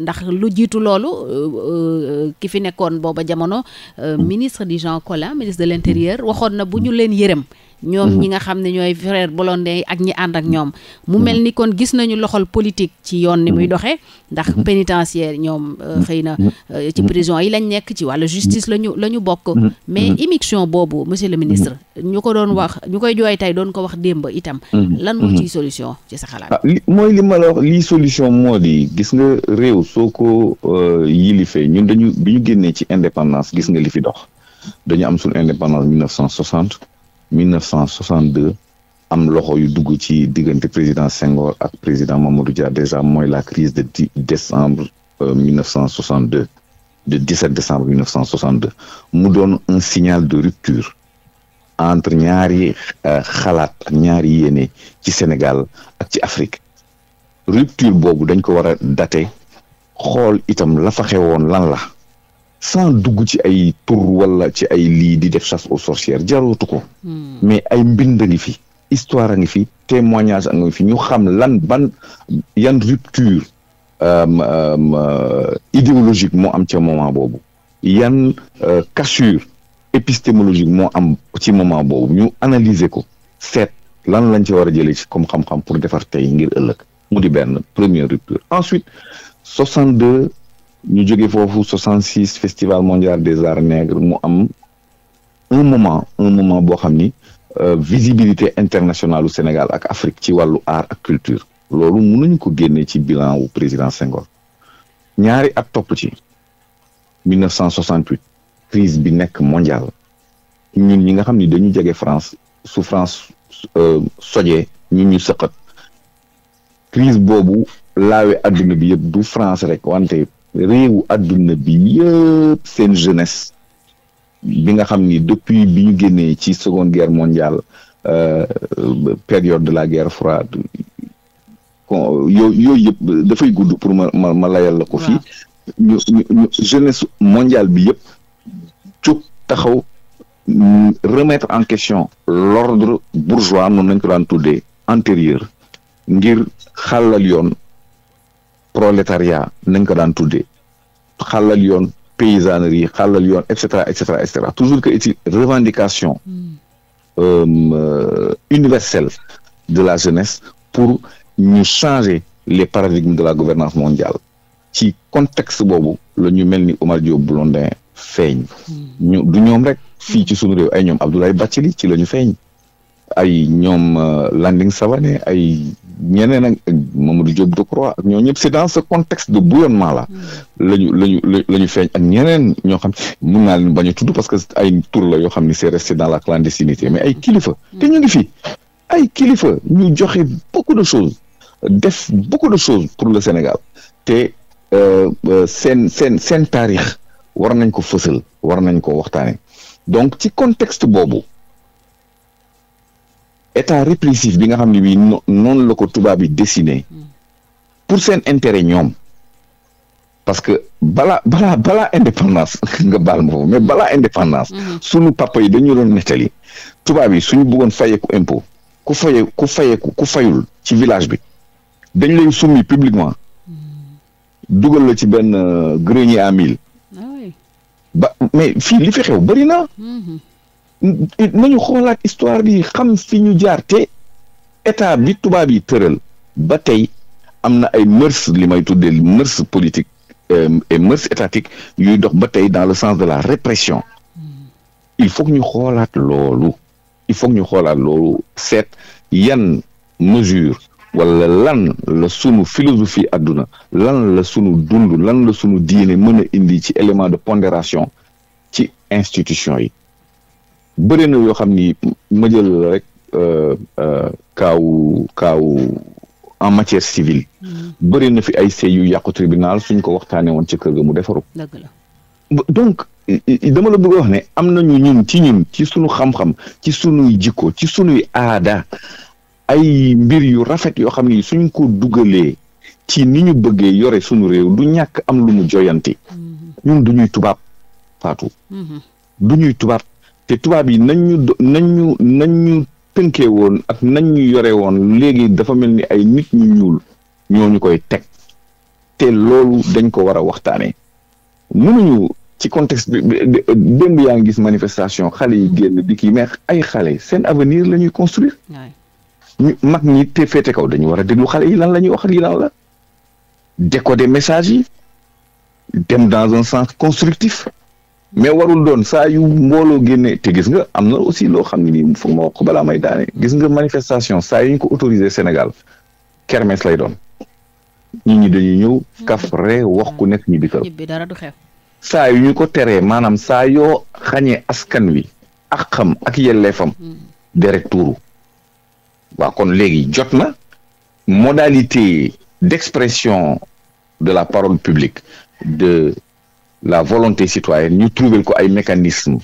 ndax lu jiitu loolu ki fi nekkoon booba jamono ministre du Jean Collin ministre de l'intérieur waxoon na bu ñu leen yërëm ñoom mhm. ñi nga xam ne ñooy frère Blondin ak ñi ànd ak ñoom mu mhm. mel ni kon gis nañu loxol politique ci yoon ni muy mhm. doxee ndax pénitentiaire ñoom euh, xëy na euh, ci prison yi lañ nekk ci wàllu justice lañu la ñu bokk mais immixtion boobu monsieur le ministre ñu ko doon wax ñu koy jooy tey doon ko wax démb itam lan moo solution ci sa xalaat ah, mooy li ma la solution moo di gis nga réew soo ko euh, yilifee ñun dañu bi ñu génnee ci indépendance gis nga li fi dox dañu am suñu indépendance mille neuf cent 1962 am loxo yu dugg ci diggante président Senghor ak président Mamadou Dia déjà mooy la crise de décembre 1962 euh, de 17 décembre 1962 mu doon un signal de rupture entre ñaari euh, xalaat ak ñaari yéene ci Sénégal ak ci Afrique rupture boobu dañ ko war a daté xool itam la fa xewoon lan la sans dugg ci ay tur wala ci ay lii di def chasse aux sorcières jarootu ko hmm. mais ay mbind a ngi fi histoire a ngi fi témoignage a ngi fi ñu xam lan ban yan rupture euh, euh, euh, idéologique moo am ca moment boobu yan cassure épistémologique moo am ci moment boobu ñu analyser ko seet lan lañ ci war a jëlee ci comme xam-xam pour defar tey ngir ëllëg mu di benn première rupture ensuite ñu jóge foofu soixante six festival mondial des arts nègres mu am un moment un moment boo xam ni euh, visibilité internationale u Sénégal ak Afrique ci wàllu aar ak culture loolu mun nañu ko génnee ci bilan wu président sengol ñaari at topp ci 1968 crise bi nekk mondial ñu ñi nga xam ni dañu jege France su France euh, sojee ñun ñu sëqat crise boobu laawe adduna bi yëpp du France rek wante réewu àdduna bi yëpp seen jeunesse bi nga xam ni depuis bi ñu génnee ci seconde guerre mondiale euh, période de la guerre froide kon yooyu yooyu yëpp dafay gudd pour ma ma ma layal la ko fii ñu ñu jeunesse mondiale bi yëpp jóg taxaw mm, remettre en question l'ordre bourgeois noonu lañ ko daan tuddee antérieur ngir xàllal yoon prolétariat nañ ko daan tuddee xalal yoon paysannerie xalal yoon et cetera et cetera et cetera toujours que est revendication hmm. euh, euh, universelle de la jeunesse pour ñu changer les paradigmes de la gouvernance mondiale ci contexte boobu la ñu mel ni Omar Diop Blondin feeñ hmm. du ñoom rek fii ci suñu réew ay ñoom Abdoulaye Bathily ci la ñu feeñ ay ñoom euh, Landing Savané ay ñeneen ak Mamadou Diop Decroix ak ñoo ñëpp c'est dans ce contexte de bouillonnement mm. la ñu la ñu la ñu feeñ ak ñeneen ñoo xam mun naa leen bañ a tudd parce que ay pour la yoo xam ni c'est resté dans la clandestinité mais ay kilifa mm. te ñu ngi fi ay kilifa ñu joxe beaucoup de choses def beaucoup de choses pour le Sénégal te euh, euh, seen seen seen taarix war nañ ko fësal war nañ ko waxtaane donc ci contexte boobu état répressif bi nga xam ne bii noonu la ko tubaab bi dessiné hmm. pour seen intérêt ñoom parce que balaa balaa balaa indépendance <laughs> nga baal moo foofu mais balaa indépendance hmm. suñu papa yi dañu doon nettali tubaab yi suñu bëggoon fayeeku impôt ku faye ku fayeeku ku fayul ci village bi dañ lay summi publiquement hmm. dugal la ci benn euh, grenier à mille ah ba mais fii li fi xew bëri nañu xoolaat histoire bi xam fi ñu jaar te état bi tubaab yi tëral ba tey am na ay mœurs li may tuddee mœurs politique euh, et mœurs étatique yuy dox ba tey dans le sens de la répression hmm. il faut ñu xoolaat loolu il faut ñu xoolaat loolu seet yan mesure wala lan la sunu philosophie àdduna lan la sunu dund lan la sunu diine mën a indi ci élément de pondération ci institution yi bëri na yoo xam ni ma jël la rek kaawu euh, euh, kaawu en matière civile. Hmm. bëri na fi ay sëy yu yàqu tribunal suñ ko waxtaanee woon ci kër ga mu defaru donc dama la bëgg wax ne am nañu ñun ci ñun ci suñu xam-xam ci suñuy jikko ci suñuy aada ay mbir yu rafet yoo xam ni suñ ko dugalee ci ni ñu bëggee yore suñu réew du ñàkk am lu mu joyanti hmm. ñun du ñuy tubaab faatu hmm. du ñuy tubaab te tubaab yi nañ ñu nañ ñu nañ ñu tënkee woon ak nañ ñu yore woon léegi dafa mel ni ay nit ñu ñuul ñoo ñu koy teg te loolu dañ ko war a waxtaanee mënuñu ci contexte bi démb yaa ngi gis manifestation xale yi génn di ki meex ay xale seen avenir la ñuy construire ñu mag ñi te féete kaw dañu war a déglu xale yi lan la ñuy wax yi lan la décoder message yi dem dans un sens constructif mais warul doon saa yu mbooloo génne te gis nga am na aussi loo xam ne nii ma wax ko balaa may daane gis nga manifestation saa yu ñu ko autorisé Sénégal kermesse lay doon nit ñi dañuy ñëw kaf ree wax ku nekk ñu dikkal saa yu ñu ko teree maanaam saa yoo xañee askan wi ak xam ak yelleefam hmm. deret tuuru waaw kon léegi jot na modalité d'expression de la parole publique de la volonté citoyenne ñu trouver ko ay mécanismes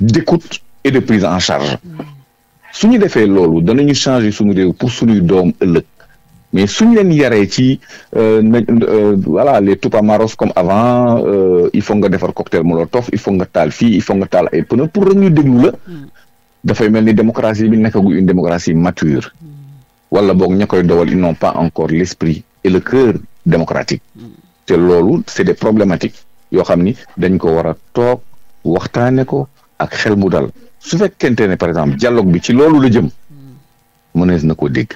d'écoute et de prise en charge su ñu defee loolu dana ñu changer suñu réew pour suñuy doom ëllëg mais suñu leen yaree ci euh, euh, voilà les tupamaros comme avant euh, il faut nga defar cocktail molotov il faut nga taal fii il faut nga taal ay pneu pour rek ñu déglu la mm. dafay mel ni démocratie bi nekkagu une démocratie mature mm. wala boog ña koy dowal ils n'ont pas encore l'esprit et le cœur démocratique mm. te loolu c'est des problématiques yoo xam ni dañ ko war a toog waxtaanee ko ak xel mu dal su fekkente ne par exemple jaloog bi ci loolu la jëm mënees na ko dégg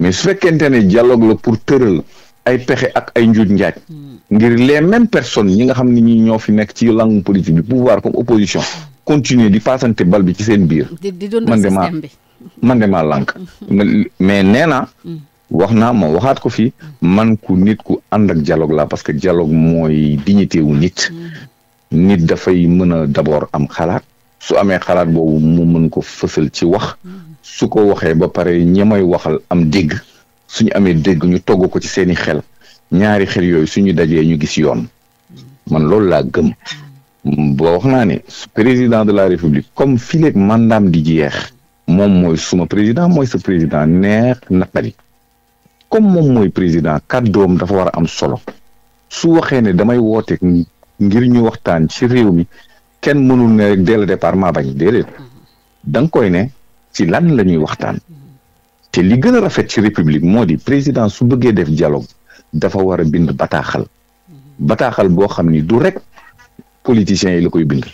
mais su fekkente ne dialogue la pour tëral ay pexe ak ay njuut njaaj ngir les même personnes ñi nga xam ne ñi ñoo fi nekk ci langue politique bi pouvoir comme opposition continuer di paasante bal bi ci seen biir man de maa man de maa mm-hmm. mais nee wax naa ma waxaat ko fi man ku nit ku ànd ak jaloog la parce que dialogue mooy dignité wu nit mm. nit dafay mën a d'abord am xalaat su amee xalaat boobu mu mën ko fësal ci wax mm. su ko waxee ba pare ñi may waxal am dégg suñu amee dégg ñu togg ko ci seeni xel ñaari xel yooyu suñu dajee ñu gis yoon man loolu laa gëm mm. boo wax naa ne président de la république comme fileeg mandaam di jeex moom mooy suma président mooy sa président neex naqari comme moom mooy président kàddoom dafa war a am solo su waxee ne damay woote ngir ñu waxtaan ci réew mi kenn mënul ne rek dès le bañ déedéet da nga koy ne ci lan la ñuy waxtaan te li gën a rafet ci république moo di président su bëggee def dialogue dafa war a bind bataaxal bataaxal boo xam ni du rek politiciens yi la koy bind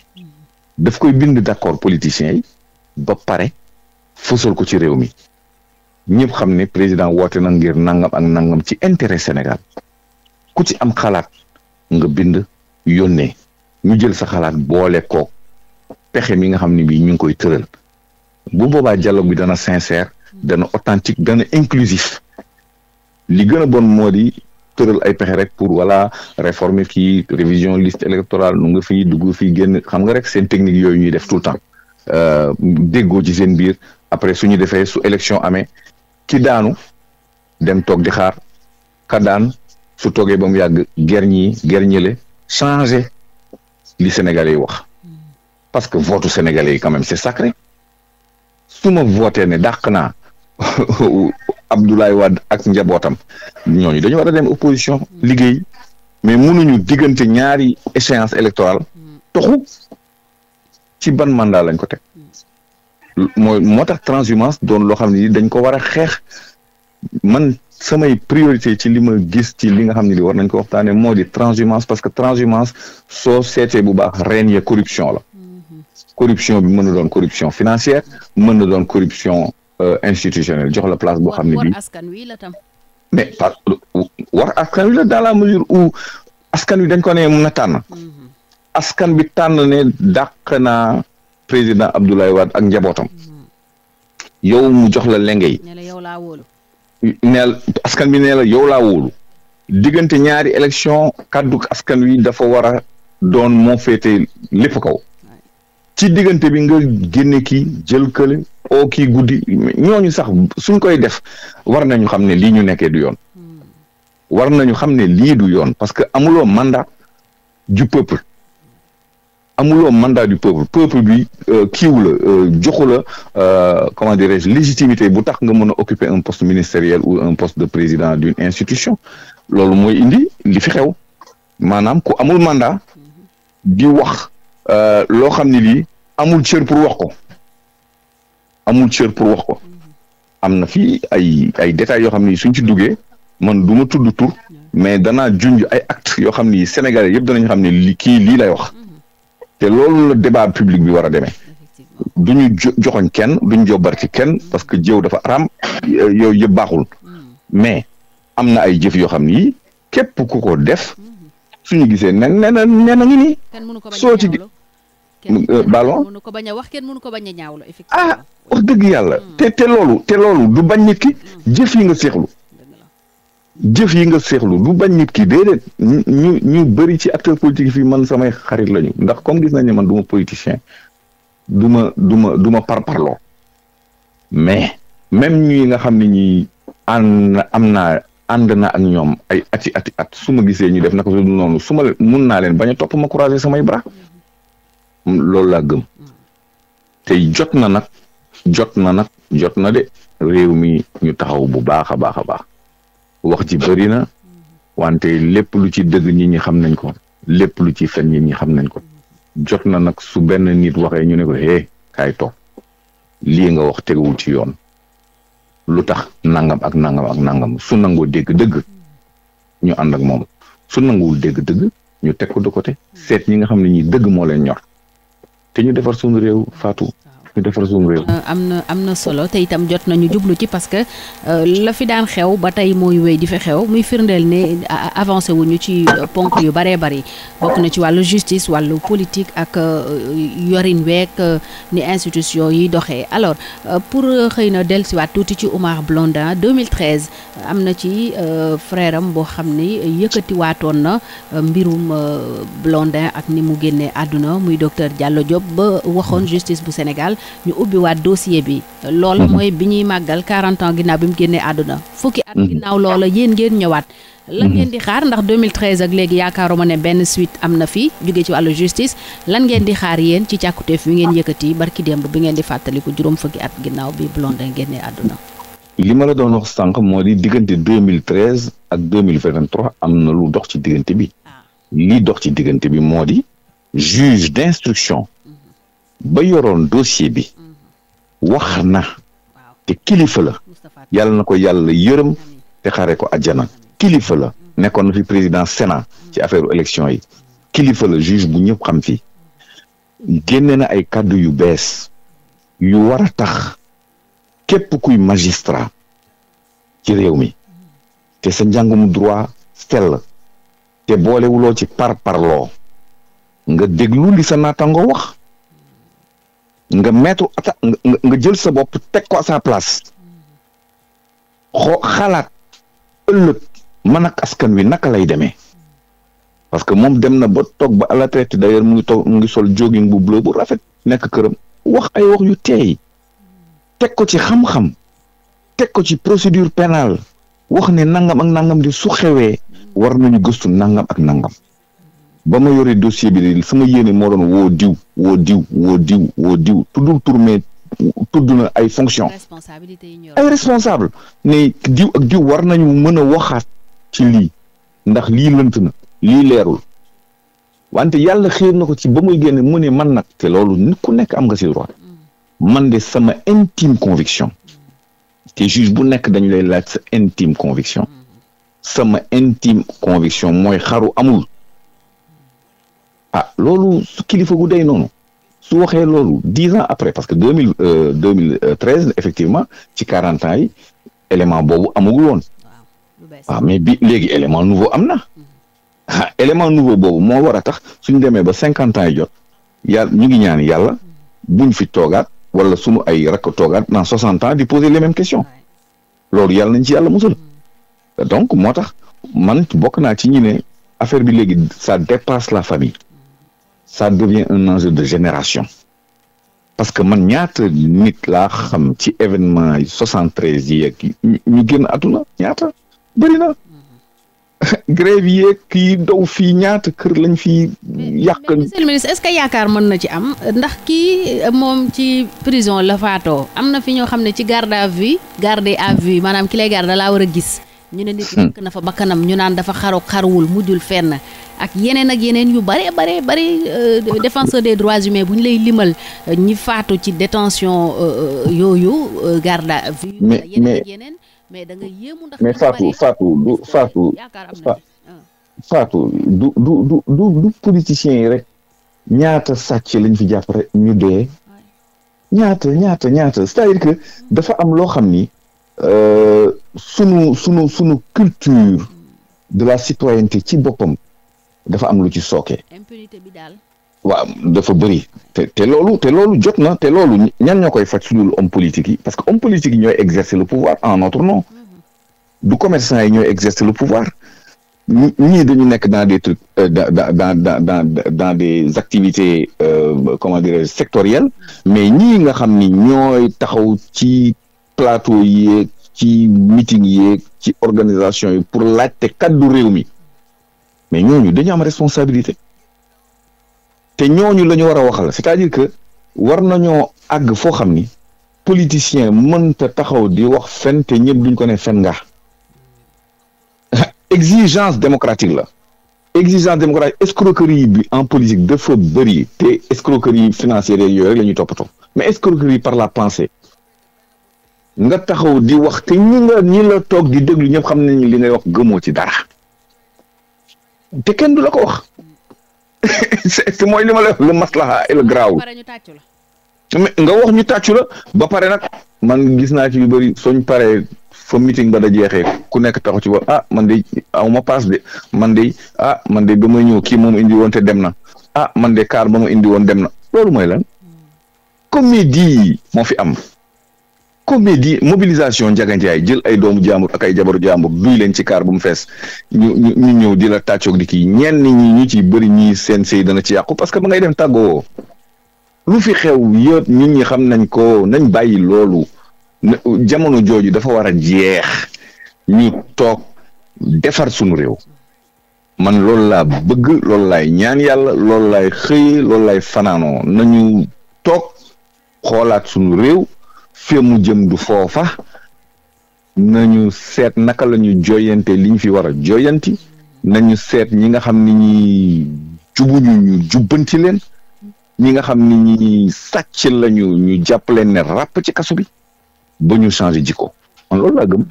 daf koy bind d'accord politiciens yi ba pare fësal ko ci réew mi ñëpp xam ne président woote na ngir nangam ak nangam ci intérêt Sénégal ku ci am xalaat nga bind yónnee ñu jël sa xalaat boole koog pexe mi nga xam ne bii ñu ngi koy tëral bu boobaa dialogue bi dana sincère dana authentique dana inclusif li gën a bon moo di tëral ay pexe rek pour wala réformer kii révision liste électorale nu nga fii dugg fii génn xam nga rek seen technique yooyu ñuy def tout le temps euh, déggoo ci seen biir après su ñu defee su élection amee ki daanu dem toog di xaar ka daan su toogee ba mu yàgg gerñi gerñile changer li sénégalais wax parce que votu sénégalais yi quand c'est sacré su ma voté ne dàq naa <laughs> Abdoulaye Wade ak njabootam ñooñu dañu war a dem opposition liggéey mais mënuñu diggante ñaari échéance électorale mm. toxu ci ban mandaal lañ ko teg mm. mooy moo tax transhumance doon loo xam ne dañ ko war a xeex man samay priorité ci li ma gis ci li nga xam ne li war nañ ko waxtaanee moo di transhumance parce que transhumance soo seetee bu baax reen ya corruption la mm-hmm. corruption bi mën na doon corruption financière mën na doon corruption euh, institutionnelle jox la place boo xam ne bii mais par war askan wi la dans la mesure où askan wi dañ ko ne mën a tànn mm-hmm. askan bi tànn ne dàq naa président Abdoulaye Wade ak njabootam yow mu jox la lenge yi neel askan wi nee la yow laa diggante ñaari élection kaddu askan wi dafa war a doon moo féete lépp kaw ci diggante bi nga génne ki jël kële oo kii guddi ñooñu sax suñ koy def war ñu xam ne lii ñu nekkee du yoon hmm. war nañu xam ne lii du yoon parce que amuloo manda du peuple amuloo mandat du peuple peuple bi euh, kiiw la euh, joxu la euh, comment dirais-je légitimité bu tax nga mën a occuper un poste ministériel ou un poste de président d'une institution loolu mooy indi li fi xew maanaam ku amul mandat di wax loo xam ne lii amul cër pour wax ko amul cër pour wax ko am na fi ay ay détails yoo xam ni suñ ci duggee man du ma tudd tur mais danaa junj ay actes yoo xam ni sénégalais yëpp danañ xam ne li kii lii lay wax te loolu la débat public bi war a demee du ñu joxoñ kenn du ñu jobbar kenn parce que jëw dafa aram euh, yooyu yëpp baaxul hmm. mais am na ay jëf yoo xam ni képp ku ko def hmm. ñu gisee ne ne na ne na ngi nii soo ci euh, ballon mënu ko bañ a wax kenn mënu ko bañ a ñaawlu effectivement ah wax dëgg yàlla hmm. te te loolu te loolu du bañ nit ki jëf yi nga seexlu jëf yi nga seexlu du bañ nit kii déedéet ñu ñu ñu bëri ci acteur politique yi fii man samay xarit lañu ndax comme gis nañ ne man du ma politicien du ma du ma du ma parparloo mais même ñi nga xam ne ñi ànd am naa ànd na ak ñoom ay ati ati at su ma gisee ñu def naka du noonu su ma mun naa leen baña a topp ma croiser samay bras loolu laa gëm te jot na nag jot na nag jot na de réew mi ñu taxaw bu baax a baax a baax wax ci bëri na wante lépp lu ci dëgg nit ñi xam nañ ko lépp lu ci fen nit ñi xam nañ ko jot na nag su benn nit waxee ñu ne ko hé kaay toog lii nga wax teguwul ci yoon lu tax nangam ak nangam ak nangam su nangoo dégg-dëgg ñu ànd ak moom su nanguwul dégg-dëgg ñu teg ko de seet ñi nga xam ne ñi dëgg moo leen ñor te ñu defar suñu réew faatu Euh, am na am na solo te itam jot nañu jublu ci parce que euh, la fi daan xew ba tey mooy wéy di fi xew muy firndeel ne avancé wuñu ci euh, ponk yu baree bari bokk na ci wàllu justice wàllu politique ak yorin week ni institution yi doxee alors pour xëy na dellusiwaat tuuti ci Oumar Blondin 2013 am na ci frère am boo xam ni yëkkatiwaatoon na mbirum Blondin ak ni mu génnee àdduna muy docteur Diallo Diop ba waxoon justice bu Sénégal ñu ubbiwaat dossier bi loola mhm. mooy bi ñuy màggal 40 ans ginnaaw bi mu génnee àdduna fukki at mhm. ginnaaw loola yéen ngeen ñëwaat lan mhm. ngeen di xaar ndax 2013 ak léegi yaakaaruma ne benn suite am na fi jóge ci wàllu justice lan ngeen di xaar yéen ci càkkuteef bi ngeen yëkkati barki démb bi ngeen di fàttaliku juróom fukki at ginnaaw bi Blondin génnee àdduna li ma la doon wax sànq moo di diggante 2013 ak 2023 am na lu dox ci diggante bi ah. li dox ci diggante bi moo di juge d'instruction ba yoroon dossier bi wax na te kilifa la yàlla na ko yàlla yërëm te xare ko àjjana kilifa la nekkoon na fi président Sénat ci affaire élection yi kilifa la juge bu ñëpp xam fii génne na ay kàddu yu bees yu war a tax képp kuy magistrat ci réew mi te sa njàngum droit sell te boolewuloo ci par parloo nga déglu li sa naataango wax nga mettre ata nga jël sa bopp teg ko à place xoo xalaat ëllëg man ak askan wi naka lay demee parce que moom dem na ba toog ba ala la traite mu ngi toog mu ngi sol jogging bu bleu bu rafet nekk këram wax ay wax yu teey teg ko ci xam-xam teg ko ci procédure pénale wax ne nangam ak nangam di su xewee war nañu gëstu nangam ak nangam ba ma yore dossier bi sama yéene moo doon woo diw woo diw woo diw woo diw tuddul tur mais tudd na ay fonction ay responsable ne diw ak diw war nañu mën a waxaat ci lii ndax lii lënt na lii leerul wante yàlla xiir na ko ci ba muy génne mu ne man nag te loolu nit ku nekk am nga si droit mm. man de sama intime conviction mm. te juge bu nekk dañu lay laaj sa intime conviction mm. sama intime conviction mooy xaru amul ah loolu su kilifa gu day noonu su waxee loolu dix ans après parce que deux mille euh, deux mille euh, treize effectivement ci quarante ans yi élément boobu amagul woon waaw ah, mais bi léegi élément nouveau am na mm-hmm. ah élément nouveau boobu moo war a tax suñu demee ba cinquante ans yi jot yàlla ñu ngi ñaan yàlla mm-hmm. buñ fi toogaat wala sunu ay rakk toogaat dans soixante ans di poser les mêmes questions loolu yàlla nañ ci yàlla musal mm-hmm. donc moo tax man bokk naa ci ñi ne affaire bi léegi ça dépasse la famille ça devient un enjeu de génération parce que man ñaata nit laa xam ci événement yi soixante treize yi ak ñu génn àdduna ñaata bëri na <laughs> grève yeeg kii daw fii ñaata kër lañ fi yàq. monsieur le ministre est-ce que yaakaar mën na ci am ndax kii euh, moom ci prison la faatoo am na fi ñoo xam ne ci garde à vue garde à vue maanaam ki lay garde laa war a gis. ñu ne nit hmm. ki na fa bakkanam ñu naan dafa xaru xaruwul mujjul fenn ak yeneen ak yeneen yu bare bare bare euh, défenseur des droits humains bu ñu lay limal euh, ñi faatu ci détention euh, yooyu garde à vue yeneen mais da nga yéemu ndax mais ah. Fatou du Fatou Fatou yi rek ñaata sàcc lañ fi jàpp rek ñu dee ñaata ñaata ñaata cest à que hmm. dafa am loo xam ni sunu sunu sunu culture de la citoyenneté ci boppam dafa am lu ci sooke. impunité bi daal. waaw dafa bëri te te loolu te loolu jot na te loolu ñan ñoo koy faj su dul homme politique yi parce que homme politique yi ñooy exercer le pouvoir en notre nom mhm. du commerçant yi ñooy exercer lu pouvoir ñii dañu nekk dans des trucs euh, dans dans dans dans des activités euh, comment dirais sectorielles mhm. mais ñii nga xam ni ñooy taxaw ci plateau yi ci meeting yeeg ci organisation yi pour laajte kaddu réew mi mais ñooñu dañu am responsabilité te ñooñu lañu ñu war a waxal c'est-à-dire que war nañoo àgg foo xam ni politicien mënta taxaw di wax fen te ñëpp duñ ko ne fen nga <laughs> exigence démocratique la exigence démocratique escroquerie bi en politique dafa bëri te escroquerie financière yooyu rek la ñuy toppatoo mais escroquerie par la pensée nga taxaw di wax te ñi la toog di déglu ñëpp xam nañu li ngay wax gëmoo ci dara te kenn du la ko wax <laughs> c'est mooy li ma la wax le maslaha el graaw mais nga wax ñu tàccu la ba pare nag man gis naa ci yu bëri sooñ paree fa meeting ba da jeexee ku nekk taxu ci ba ah man de awma paas de man de ah man de ba may ñëw kii moom indi woon te dem na ah man de kaar ba ma indi woon dem na loolu mooy lan hmm. comédie moo fi am comme di mobilisation Ndiaga Ndiaye jël ay doomu jaambur ak ay jabaru jaambur duy leen ci kaar bu mu fees ñu ñu ñu ñëw di la tàccoog di kii ñenn ñi ñu ci bëri ñi seen sëy dana ci yàqu parce que ba ngay dem taggoo lu fi xew yëpp nit ñi xam nañ ko nañ bàyyi loolu jamono jooju dafa war a jeex ñu toog defar sunu réew man loolu laa bëgg loolu laay ñaan yàlla loolu laay xëy loolu laay fanaanoo nañu toog xoolaat sunu réew. fi mu jëm du foofa ñu seet naka la ñu joyante li ñu fi war a joyanti nañu seet ñi nga xam ni ñi jubuñu ñu jubbanti leen ñi nga xam ni ñi sàcc lañu ñu jàpp leen ne ràpp ci kasu bi ba ñu changé jikko man loolu laa gëm.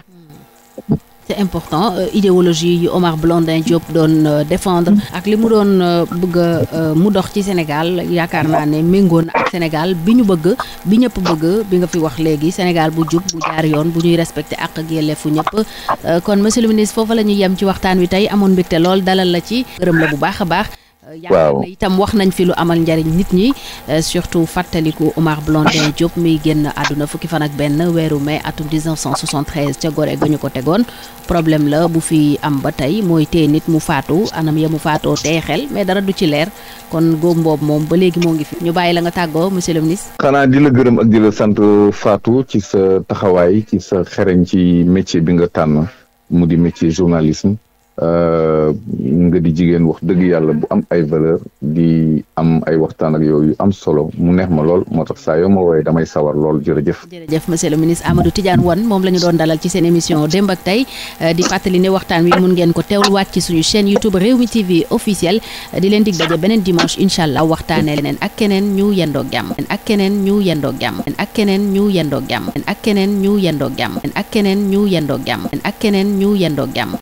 c'est important euh, idéologie yu Omar Blondin Diop doon euh, défendre mm. ak li mu doon euh, bëgg a mu dox ci Sénégal yaakaar naa ne méngoo na ak Sénégal bi ñu bëgg bi ñëpp bëgg bi nga fi wax léegi Sénégal bu jub bu jaar yoon bu ñuy respecté ak ak yelleefu ñëpp kon monsieur le ministre foofa la ñuy yem ci waxtaan wi tey amoon mbégte lool dalal la ci gërëm la bu baax a baax Euh, waaw itam wax nañ fi lu amal njariñ nit ñi euh, surtout fàttaliku Omar Blondin <coughs> Diop muy génn àdduna fukki fan ak benn weeru mai atum 1973 ca gore gu ñu ko tegoon problème la bu fi am ba tey mooy tee nit mu faatu anam ya mu faatoo tey xel mais dara du ci leer kon góom boobu moom ba léegi moo ngi fi ñu bàyyi la nga tàggoo monsieur le ministre. xanaa di la gërëm ak di la sant Fatou ci sa taxawaay ci sa xereñ ci métier bi nga tànn mu di métier journalisme. Euh, nga di jigéen wax dëgg yàlla bu am ay valeur di am ay waxtaan ak yow yu am solo mu neex ma lool moo tax saa yoo ma wooyee damay sawar lool jërëjëf. jërëjëf monsieur le ministre Amadou Tidiane Wane moom la ñu doon dalal ci seen émission démb ak tey euh, di fàttali ne waxtaan wi mun ngeen ko teewluwaat ci suñu chaîne YouTube Rewmi TV officiel di leen dig daje beneen dimanche incha allah waxtaanee leneen ak keneen ñu yendoo jàmm ak keneen ñu yendoo jàmm ak keneen ñu yendoo jàmm ak keneen ñu yendoo jàmm ak keneen ñu yendoo jàmm ak keneen ñu yendoo jàmm